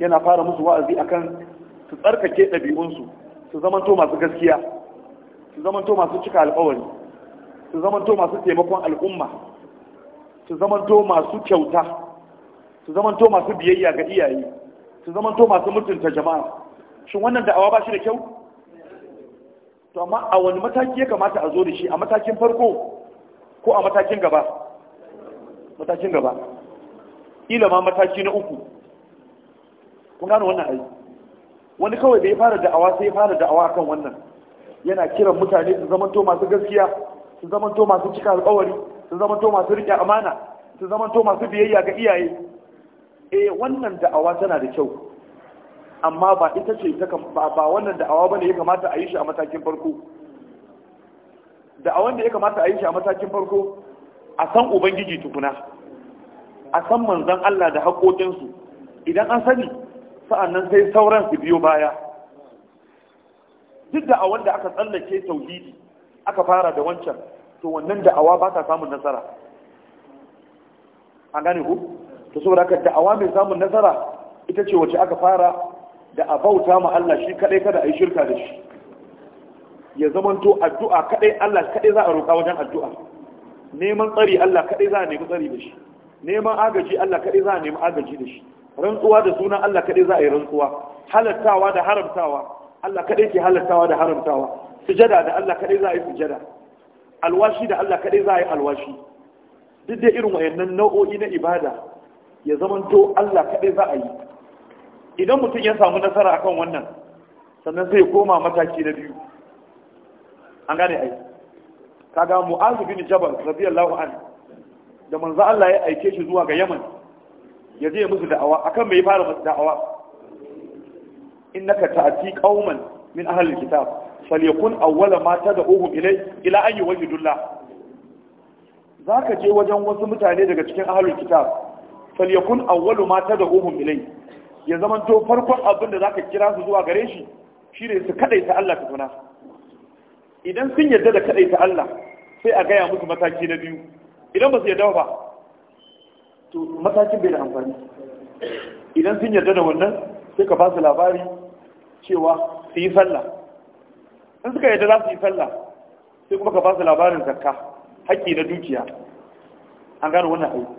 A: yana fara musu wa'azi akan su tsarkake ɗabi'unsu su zamanto masu gaskiya su zamanto masu cika alƙawari su zamanto masu taimakon al'umma su zamanto masu kyauta su zamanto masu biyayya ga iyaye su zamanto masu mutunta jama'a shin wannan da'awa ba shi da kyau to amma a wani mataki ya kamata a zo da shi a matakin farko ko a matakin gaba matakin gaba ila ma mataki na uku kun gano wannan ai wani kawai da ya fara da'awa sai ya fara da'awa akan wannan yana kiran mutane su zamanto masu gaskiya su zamanto masu cika alƙawari su zamanto masu riƙe amana su zamanto masu biyayya ga iyaye eh wannan da'awa tana da kyau amma ba ita ce ba wannan da'awa bane ya kamata a yi shi a matakin farko da'awan da ya kamata a yi shi a matakin farko a san ubangiji tukuna a san manzan Allah da haƙoƙinsu idan an sani sa'annan sai sauran su biyo baya duk da'awan da aka tsallake tauhidi aka fara da wancan to wannan da'awa ba ta samun nasara an gane ku ta saboda haka da'awa mai samun nasara ita ce wacce aka fara da a bauta ma Allah shi kadai kada a yi shirka da shi ya zamanto addu'a kadai Allah kadai za a roƙa wajen addu'a neman tsari Allah kadai za a nemi tsari da shi neman agaji Allah kadai za a nemi agaji da shi rantsuwa da sunan Allah kadai za a yi rantsuwa halattawa da haramtawa Allah kadai ke halattawa da haramtawa sujada da Allah kadai za a yi sujada alwashi da Allah kadai za a yi alwashi duk da irin wayannan nau'o'i na ibada ya zamanto Allah kadai za a yi idan mutum ya samu nasara akan wannan sannan sai koma mataki na biyu an gane ai kaga mu'azu bin jabal radiyallahu anhu da manzo Allah ya aike shi zuwa ga Yaman ya je musu da'awa akan mai fara musu da'awa innaka ta'ti qauman min ahli alkitab falyakun awwala ma tad'uhum ilay ila an Za zaka je wajen wasu mutane daga cikin ahli alkitab falyakun mata ma tad'uhum ilay ya zama to farkon abin da zaka kira su zuwa gare shi shi ne su kadaita Allah tukuna idan sun yarda da kadaita Allah sai a gaya musu mataki na biyu idan ba su yarda ba to matakin bai da amfani idan sun yarda da wannan sai ka ba su labari cewa su yi sallah in suka yarda za su yi sallah sai kuma ka ba su labarin zakka haƙƙi na dukiya an gano wannan aiki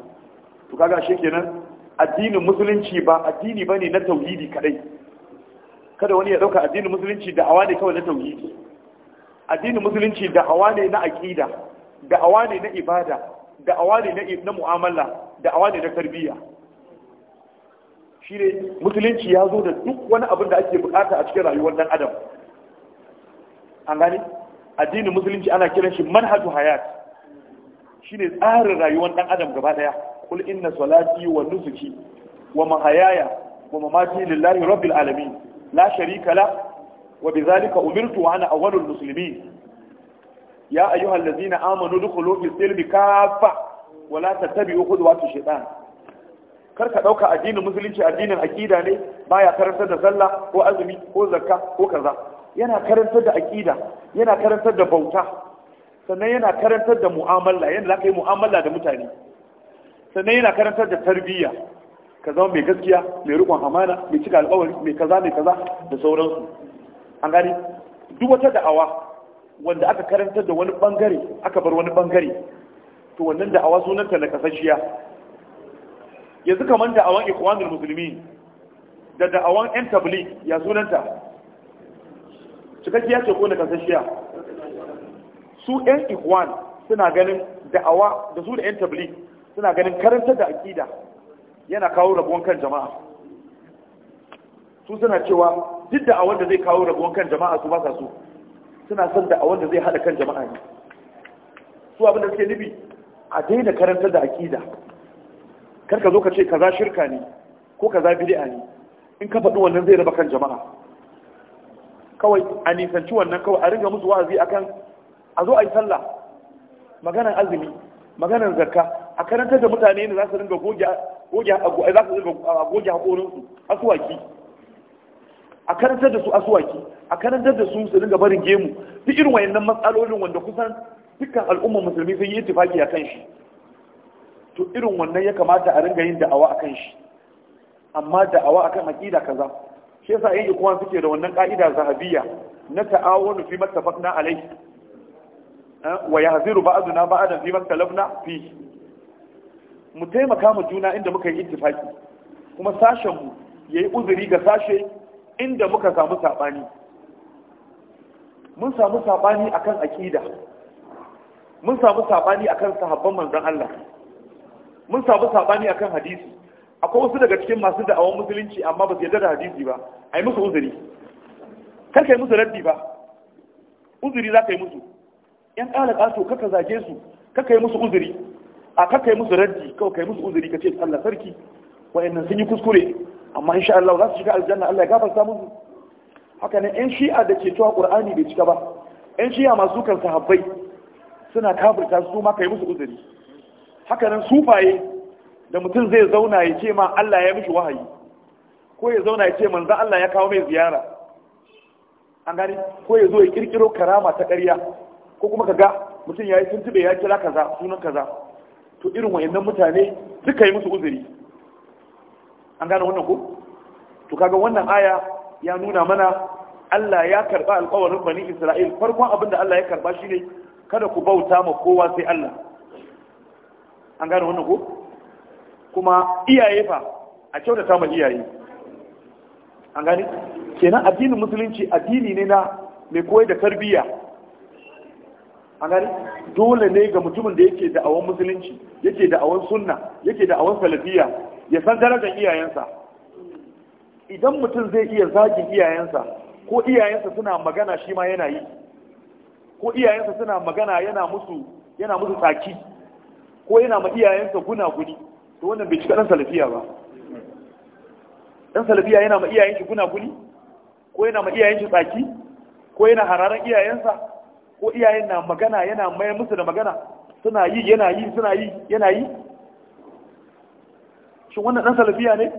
A: to kaga shi kenan addinin musulunci ba addini ba ne na tauhidi kadai kada wani ya ɗauka addinin musulunci awa ne kawai na tauhidi addinin musulunci awa ne na aƙida awa ne na ibada awa ne na mu'amala awa ne na tarbiyya shine musulunci ya zo da duk wani abin da ake bukata a cikin rayuwar dan adam an gane addinin musulunci ana kiran shi manhaju hayat shine tsarin rayuwar dan adam gaba daya kul inna salati wa nusuki wa mahayaya wa mamati lillahi rabbil alamin la sharika la wa bidhalika umirtu wa ana awwalul muslimin ya ayyuhal ladzina amanu dukhulu fi silmi kaffa wa la tattabi'u khudwati shaytan kar ka dauka addinin musulunci addinin akida ne baya karantar da sallah ko azumi ko zakka ko kaza yana karantar da aqida yana karantar da bauta sannan yana karantar da mu'amala za zaka yi mu'amala da mutane sannan yana karantar da tarbiyya ka zama mai gaskiya mai rukun amana mai cika alkawari mai kaza mai kaza da sauransu an gani duk wata da'awa wanda aka karantar da wani bangare aka bar wani bangare to wannan da'awa sunanta na kasashiya yanzu kamar da'awan ikwanul musulmi da da'awan yan tabli ya sunanta cikakkiya ce ko na kasashiya su yan ikwan suna ganin da'awa da su da yan tabli suna ganin karantar da aƙida yana kawo rabuwan kan jama'a su suna cewa duk da a wanda zai kawo rabuwan kan jama'a su ba sa so suna son da a wanda zai haɗa kan jama'a ne su abin da suke nufi a daina karantar da aƙida kar ka zo ka ce kaza shirka ne ko kaza bid'a ne in ka faɗi wannan zai raba kan jama'a kawai a nisanci wannan kawai a riga musu wa'azi akan a zo a yi sallah maganan azumi maganan zakka a karantar da mutane ne za su dinga goge su, asuwaki a karantar da su asuwaki a karantar da su su dinga barin gemu duk irin wayannan matsalolin wanda kusan dukkan al'ummar musulmi sun yi ittifaki a kan shi to irin wannan ya kamata a ringa yin da'awa a kan shi amma da'awa akan aqida kaza shi yasa yin ikuwa suke da wannan ƙa'ida zahabiyya na ta'awunu fi mattafaqna alayhi eh, wa yahziru ba'duna ba'dan fi mattalafna fi mu taimaka mu juna inda muka yi ittifaki kuma sashen mu yayi uzuri ga sashe inda muka samu sabani mun samu sabani akan akida mun samu sabani akan sahabban manzon Allah mun samu sabani akan hadisi akwai wasu daga cikin masu da'awar musulunci amma ba su yarda da hadisi ba ai musu uzuri kar yi musu raddi ba uzuri za ka yi musu yan ƙala ƙato kaka zage su kaka yi musu uzuri a kaka kai musu raddi kawai kai musu uzuri ka ce Allah sarki wayannan sun yi kuskure amma insha Allah za su shiga aljanna Allah ya gafarta musu haka ne yan shi'a da ke cewa qur'ani bai cika ba yan shi'a masu kan sahabbai suna kafirta su ma kai musu uzuri haka nan sufaye da mutum zai zauna ya ce ma Allah ya mishi wahayi ko ya zauna ya ce manzo Allah ya kawo mai ziyara an gani ko ya zo ya kirkiro karama ta ƙarya ko kuma ka ga mutum ya yi tuntube ya kira kaza sunan kaza to irin wayannan mutane suka yi musu uzuri an gane wannan ko to kaga wannan aya ya nuna mana Allah ya karba alƙawarin bani Isra'il farkon abin da Allah ya karba shine kada ku bauta ma kowa sai Allah an gane wannan ko kuma iyaye fa a kyautata ma iyaye an gane kenan addinin musulunci addini ne na mai koyar da tarbiyya a gani dole ne ga mutumin da yake awon musulunci yake awon sunna yake awon salafiya ya san darajar iyayensa idan mutum zai iya zagin iyayensa ko iyayensa suna magana shi ma yana yi ko iyayensa suna magana yana musu yana musu tsaki ko yana ma iyayensa guna guni to wannan bai cika dan salafiya ba dan salafiya yana ma iyayensa guna guni ko yana ma iyayensa shi tsaki ko yana hararan iyayensa ko iyayen na magana yana mai musu da magana suna yi yana yi suna yi yana yi shin wannan dan salafiya ne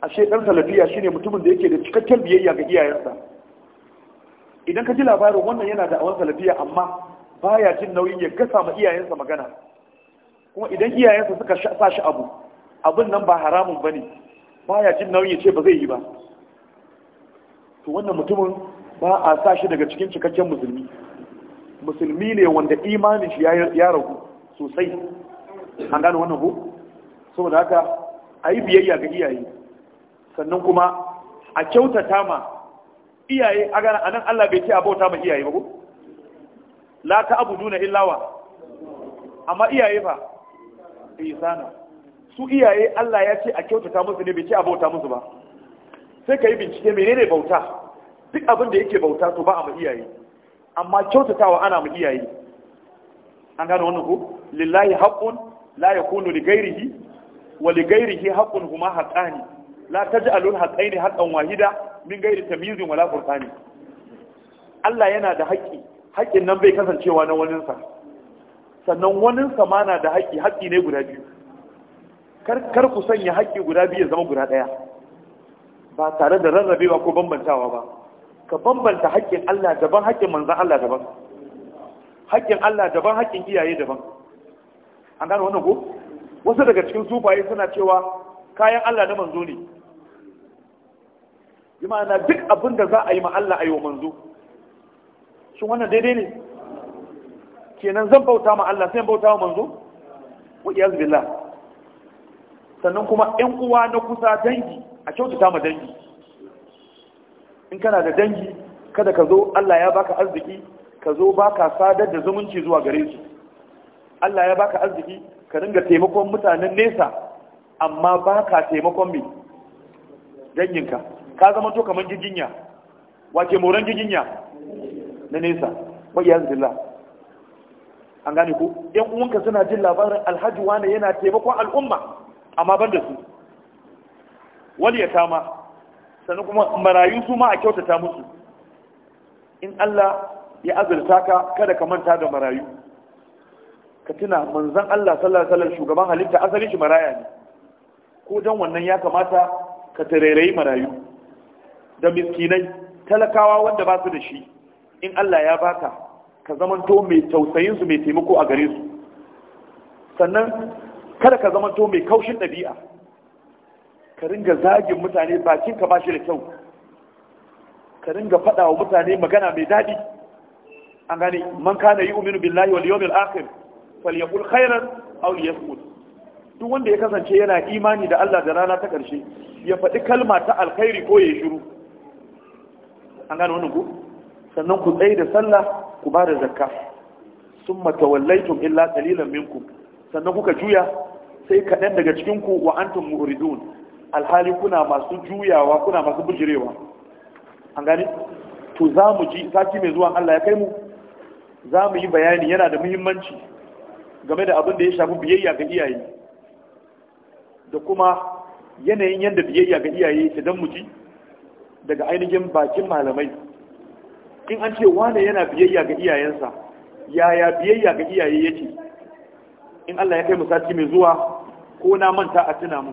A: ashe dan salafiya shine mutumin da yake da cikakken biyayya ga iyayensa idan ka ji labarin wannan yana da awan salafiya amma baya jin nauyin ya gasa ma iyayensa magana kuma idan iyayensa suka sa shi abu abin nan ba haramun bane baya jin nauyin ya ce ba zai yi ba to wannan mutumin ba a sa shi daga cikin cikakken musulmi musulmi ne wanda imanin shi ya ragu sosai an gano wannan ko saboda haka a yi biyayya ga iyaye sannan kuma a kyautata ma iyaye a gana nan Allah bai ce a bauta ma iyaye ba ko la ta abu nuna illawa amma iyaye ba ihsana su iyaye Allah ya ce a kyautata musu ne bai ce a bauta musu ba sai ka yi bincike menene bauta duk abin da yake bauta to ba a mu iyaye amma kyautatawa ana mu iyaye an gano wannan ko lillahi haqqun la yakunu li ghairihi wa li ghairihi haqqun huma haqqani la taj'alu al-haqqaini haqqan wahida min ghairi tamyizin wala furqani Allah yana da haƙƙi haƙƙin nan bai kasancewa na waninsa sannan sa ma na da haƙƙi haƙƙi ne guda biyu kar ku sanya haƙƙi guda biyu ya zama guda ɗaya ba tare da rarrabewa ko bambantawa ba ka bambanta haƙƙin Allah daban haƙƙin manzan Allah daban haƙƙin Allah daban haƙƙin iyaye daban an gano wannan ko wasu daga cikin sufaye suna cewa kayan Allah na manzo ne bi ma'ana duk abin da za a yi ma Allah a yi wa manzo shin wannan daidai ne kenan zan bauta ma Allah sai bauta wa manzo wa iyaz billah sannan kuma ƴan uwa na kusa dangi a kyautata ma dangi in kana da dangi kada ka zo Allah ya baka arziki ka zo baka sadar da zumunci zuwa gare su Allah ya baka arziki ka ringa taimakon mutanen nesa amma baka taimakon mai danginka ka zama to kamar giginya wace moran giginya na nesa wa iyaz billah an gane ku yan uwanka suna jin labarin alhaji wani yana taimakon al'umma amma ban da su wani ya kama sannan kuma marayu su ma a kyautata musu in Allah ya azurta ka kada ka manta da marayu ka tuna manzon Allah sallallahu alaihi wasallam shugaban halitta asali shi maraya ne ko dan wannan ya kamata ka tarairayi marayu da miskinai talakawa wanda ba su da shi in Allah ya baka ka zamanto mai tausayin su mai taimako a gare su sannan kada ka zamanto mai kaushin ɗabi'a ka ringa zagin mutane bakin ka bashi da kyau ka ringa faɗa wa mutane magana mai daɗi an gane man kana uminu billahi wal yawmil akhir falyaqul khairan aw liyasmut duk wanda ya kasance yana imani da Allah da rana ta karshe ya faɗi kalma ta alkhairi ko ya shiru an gane wannan ku sannan ku tsaye da sallah ku ba da zakka sun matawallaitum illa qalilan minkum sannan kuka juya sai kaɗan daga cikinku wa antum muridun alhali kuna masu juyawa kuna masu bujirewa an gani to za mu ji sati mai zuwa Allah ya kai mu za mu yi bayani yana da muhimmanci game da abin da ya shafi biyayya ga iyaye da kuma yanayin yadda biyayya ga iyaye ta dan mu ji daga ainihin bakin malamai in an ce wane yana biyayya ga iyayensa yaya biyayya ga iyaye yake in Allah ya kai mu sati mai zuwa ko na manta a tuna mu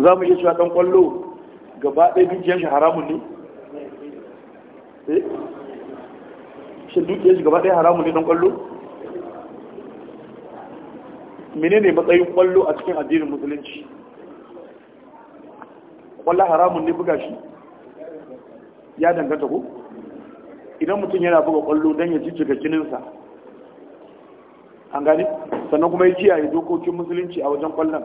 A: za mu iya cewa ɗan ƙwallo gaba ɗaya dukiyar shi haramun ne? Eh? shi dukiyar shi gaba ɗaya haramun ne ɗan ƙwallo? menene matsayin ƙwallo a cikin addinin musulunci? kwallo haramun ne buga shi ya danganta ku? idan mutum yana buga kwallo don ya jijjiga jininsa an gani sannan kuma ya kiyaye dokokin musulunci a wajen kwallon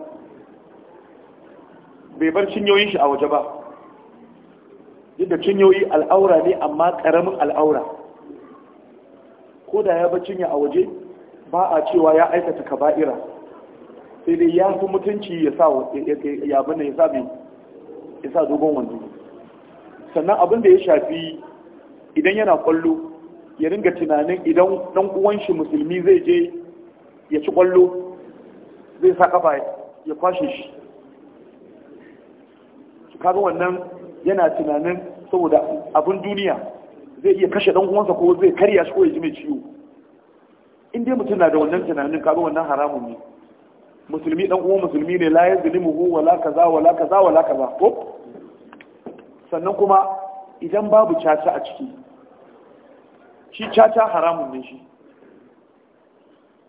A: bai bar cinyoyin shi a waje ba yadda cinyoyi al'aura ne amma ƙaramin al'aura ko da ya bar cinya a waje ba a cewa ya aikata kaba'ira sai dai ya fi mutunci ya sa ya bane ya sa mai isa dogon wanzu sannan abin da ya shafi idan yana kwallo ya ringa tunanin idan dan uwan shi musulmi zai je ya ci kwallo zai sa kafa ya kwashe shi kaga wannan yana tunanin saboda abin duniya zai iya kashe dan uwansa ko zai karya shi ko ya ji mai ciwo in dai mutum na da wannan tunanin kaga wannan haramun ne musulmi dan uwan musulmi ne la yazlimuhu wala kaza wala kaza wala kaza ko sannan kuma idan babu caca a ciki shi caca haramun ne shi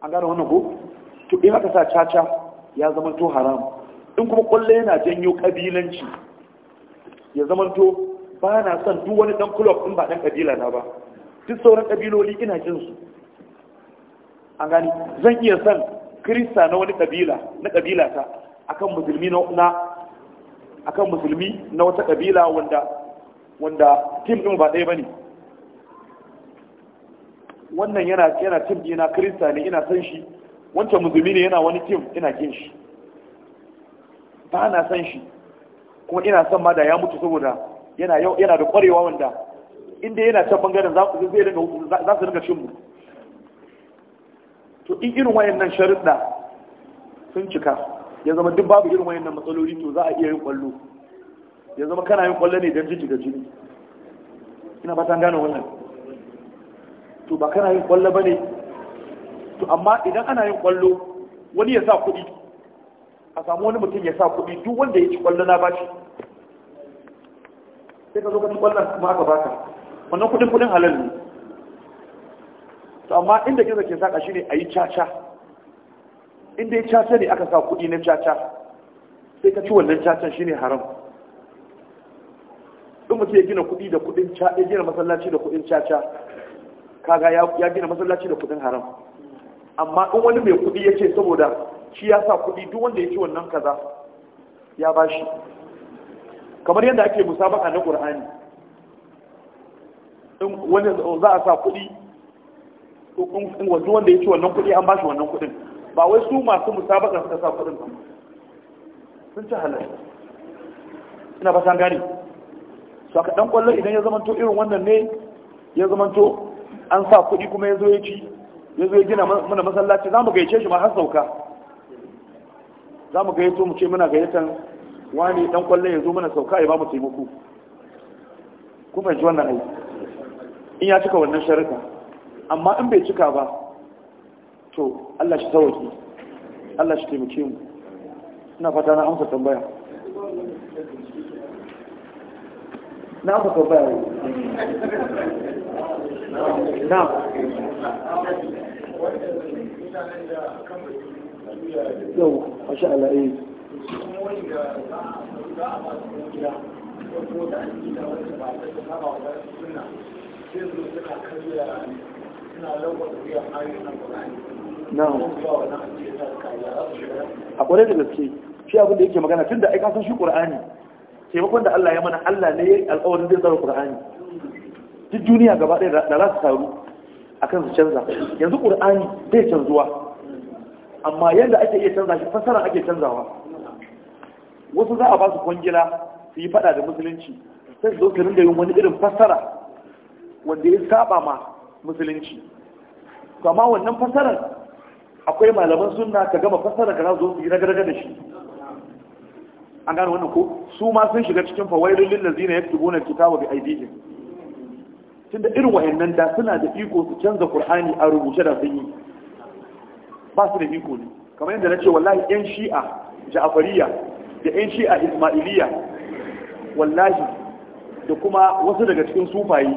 A: an gane wannan ko to in aka sa caca ya zama to haramun in kuma ƙwallo yana janyo kabilanci ya zama to ba na son duk wani dan club din ba dan kabila na ba duk sauran kabiloli ina jin su an gani zan iya son krista na wani kabila na kabila ta akan musulmi na akan musulmi na wata kabila wanda wanda tim din ba ɗaya bane wannan yana yana tim dina krista ne ina san shi wancan musulmi ne yana wani tim ina kin shi ba na san shi kuma ina son ma da ya mutu saboda yana yana da kwarewa wanda inda yana can bangaren za su zai dinga za su dinga cin mu to in irin wayannan sharuɗa sun cika ya zama duk babu irin wayannan matsaloli to za a iya yin kwallo ya zama kana yin kwallo ne don da jini ina ba ta gane wannan to ba kana yin kwallo ba ne to amma idan ana yin kwallo wani ya sa kuɗi a samu wani mutum ya sa kuɗi duk wanda ya ci kwallo na bashi sai ka zo ka ci kwallon kuma aka baka wannan kuɗin kuɗin halal ne to amma inda gizo ke saka shi ne a yi caca Inda ya caca ne aka sa kuɗi na caca sai ka ci wannan cacan shine haram ɗin mutum ya gina kuɗi da kuɗin caca ya gina masallaci da kuɗin caca kaga ya gina masallaci da kuɗin haram amma ɗin wani mai kuɗi ya ce saboda shi ya sa kuɗi duk wanda ya ci wannan kaza ya ba shi kamar yadda ake musabaka na ƙur'ani wani za a sa kuɗi in wanda ya ci wannan kuɗi an ba shi wannan kuɗin ba wai su masu musabaka suka sa kuɗin ba sun ci halal ina ba san gani su aka ɗan ƙwallon idan ya zamanto irin wannan ne ya zamanto an sa kuɗi kuma ya zo ya ci ya zo ya gina mana masallaci za mu gaice shi ma har sauka za mu gayyato mu ce muna gayyatan wani ɗan ƙwallon ya zo mana sauka ya ba mu taimako kuma ji wannan aiki in ya cika wannan sharika amma in bai cika ba to Allah shi tawaki Allah shi taimake mu ina fata na amsa tambaya
B: na amsa tambaya ne na yau masha Allah eh wasu wata an gina wata ba ta saba wa suna sai zuwa suka karya
A: a kwarai da gaske shi abin da yake magana tun da aika sun shi ƙur'ani taimakon da Allah ya mana Allah ne ya alƙawarin zai tsara ƙur'ani duk duniya gaba ɗaya da za su taru a kan su canza yanzu ƙur'ani zai canzuwa amma yadda ake iya canza shi fassara ake canzawa wasu za a ba su kwangila su yi faɗa da musulunci sai su zo su rinda yin wani irin fassara wanda ya saba ma musulunci kama wannan fasarar akwai malaman suna ka gama fasarar ka zo su yi nagarga da shi an gano wannan ko su ma sun shiga cikin fawailun lillazi na yaktubu na wa bi aidihim tunda irin wayannan da suna da iko su canza Kur'ani a rubuce da sun yi ba su da iko ne kamar yadda na ce wallahi yan shi'a ja'afariya da yan shi'a ismailiya wallahi da kuma wasu daga cikin sufayi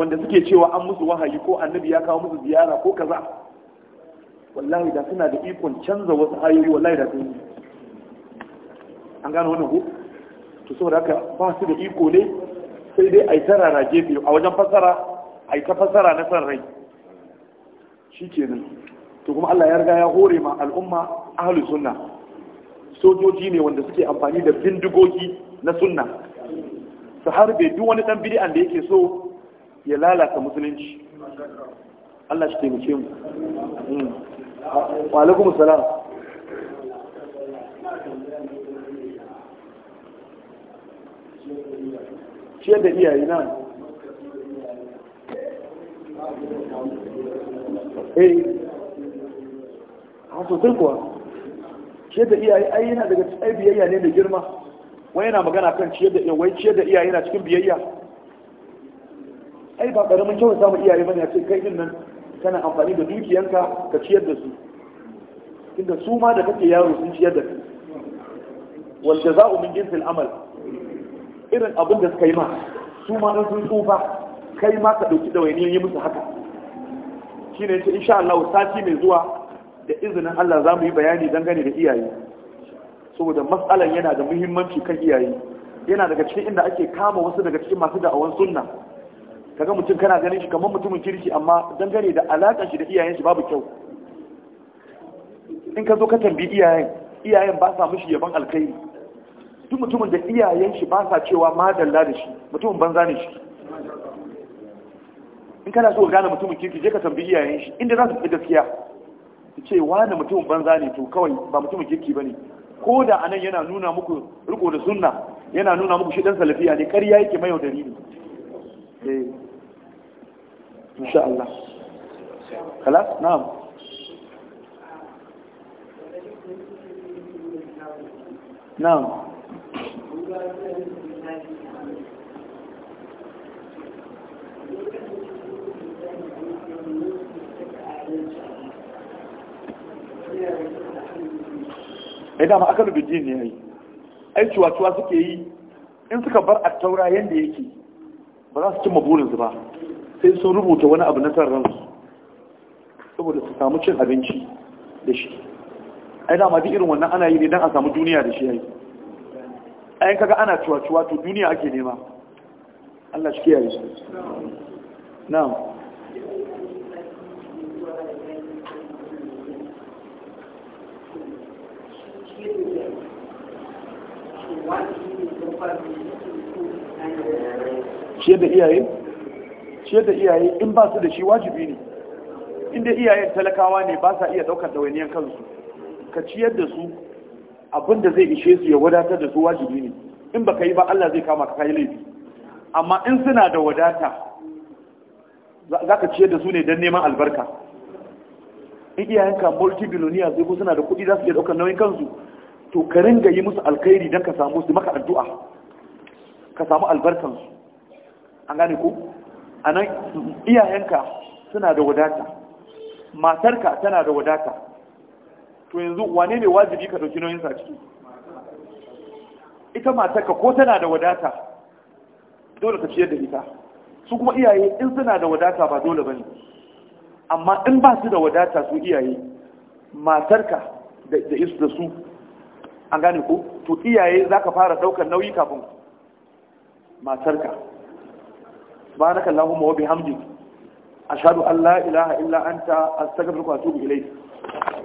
A: wanda suke cewa an musu wahayi ko annabi ya kawo musu ziyara ko kaza wallahi da suna da ikon canza wasu ayoyi wallahi da sun yi an gano wannan ko to saboda haka ba su da iko ne sai dai a yi tara na gefe a wajen fasara a yi ta fasara na san rai shi ke nan to kuma Allah ya riga ya hore ma al'umma ahlus sunna sojoji ne wanda suke amfani da bindigogi na sunna su harbe duk wani dan bid'an da yake so ya lalata musulunci Allah shi taimake mu hmm. wa alaikum salam ciyar da iyaye na eh a sosai kuwa ce da iyaye ai yana daga biyayya ne da girma wai yana magana kan ciyar da iyaye wai ciyar da iyaye na cikin biyayya ai ba karamin kyau samu iyaye bane a ce kai din nan kana amfani da dukiyanka ka ciyar da su inda su ma da kake yaro sun ciyar da kai wal jaza'u min al amal irin abin da suka yi ma su ma dan sun tsufa kai ma ka dauki wani yi musu haka shine yace insha Allah sati mai zuwa da izinin Allah za mu yi bayani dangane da iyaye saboda matsalan yana da muhimmanci kan iyaye yana daga cikin inda ake kama wasu daga cikin masu da'awan sunna kaga mutum kana ganin shi kamar mutumin kirki amma dangane da alaƙa shi da iyayen shi babu kyau in ka zo ka tambi iyayen iyayen ba sa mishi yaban alkhairi duk mutumin da iyayen shi ba sa cewa madalla da shi mutumin banza ne shi in kana so gane mutumin kirki je ka tambi iyayen shi inda za su fi gaskiya su ce wani mutumin banza ne to kawai ba mutumin kirki ba ne ko da anan yana nuna muku riko da sunna yana nuna muku shi dan salafiya ne ƙarya yake mai yaudari ne eh. شاء Allah خلاص نعم نعم Ina ma aka rubuce ne yayi ai cuwa-cuwa suke yi in suka bar a taura yadda yake ba za su cimma burinsu ba sai sun rubuta wani abu na san ransu saboda su samu cin abinci da shi ai dama duk irin wannan ana yi ne don a samu duniya da shi yayi ayin kaga ana cuwa-cuwa to duniya ake nema Allah shi kiyaye su na'am Shi da iyaye ciyar da iyaye in ba su da shi wajibi ne inda iyayen talakawa ne ba sa iya daukar dawainiyar kansu ka ciyar da su abin da zai ishe su ya wadatar da su wajibi ne in baka yi ba Allah zai kama ka kai laifi amma in suna da wadata za ka ciyar da su ne don neman albarka in iyayenka multi-billionaires zai suna da kuɗi za su iya daukar nauyin kansu to ka ringa yi musu alkhairi don ka samu su maka addu'a ka samu albarkansu an gane ko a nan iyayenka suna da wadata matarka tana da wadata to yanzu wane ne wajibi ka dauki nauyin sa ciki ita matarka ko tana da wadata dole ka ciyar da ita su kuma iyaye in suna da wadata ba dole ba ne amma in ba su da wadata su iyaye matarka da isu da su an gane ko to iyaye za ka fara ɗaukar nauyi kafin matarka subhanakallahumma wa bihamdika ashhadu an la ilaha illa anta astaghfiruka wa atubu ilayk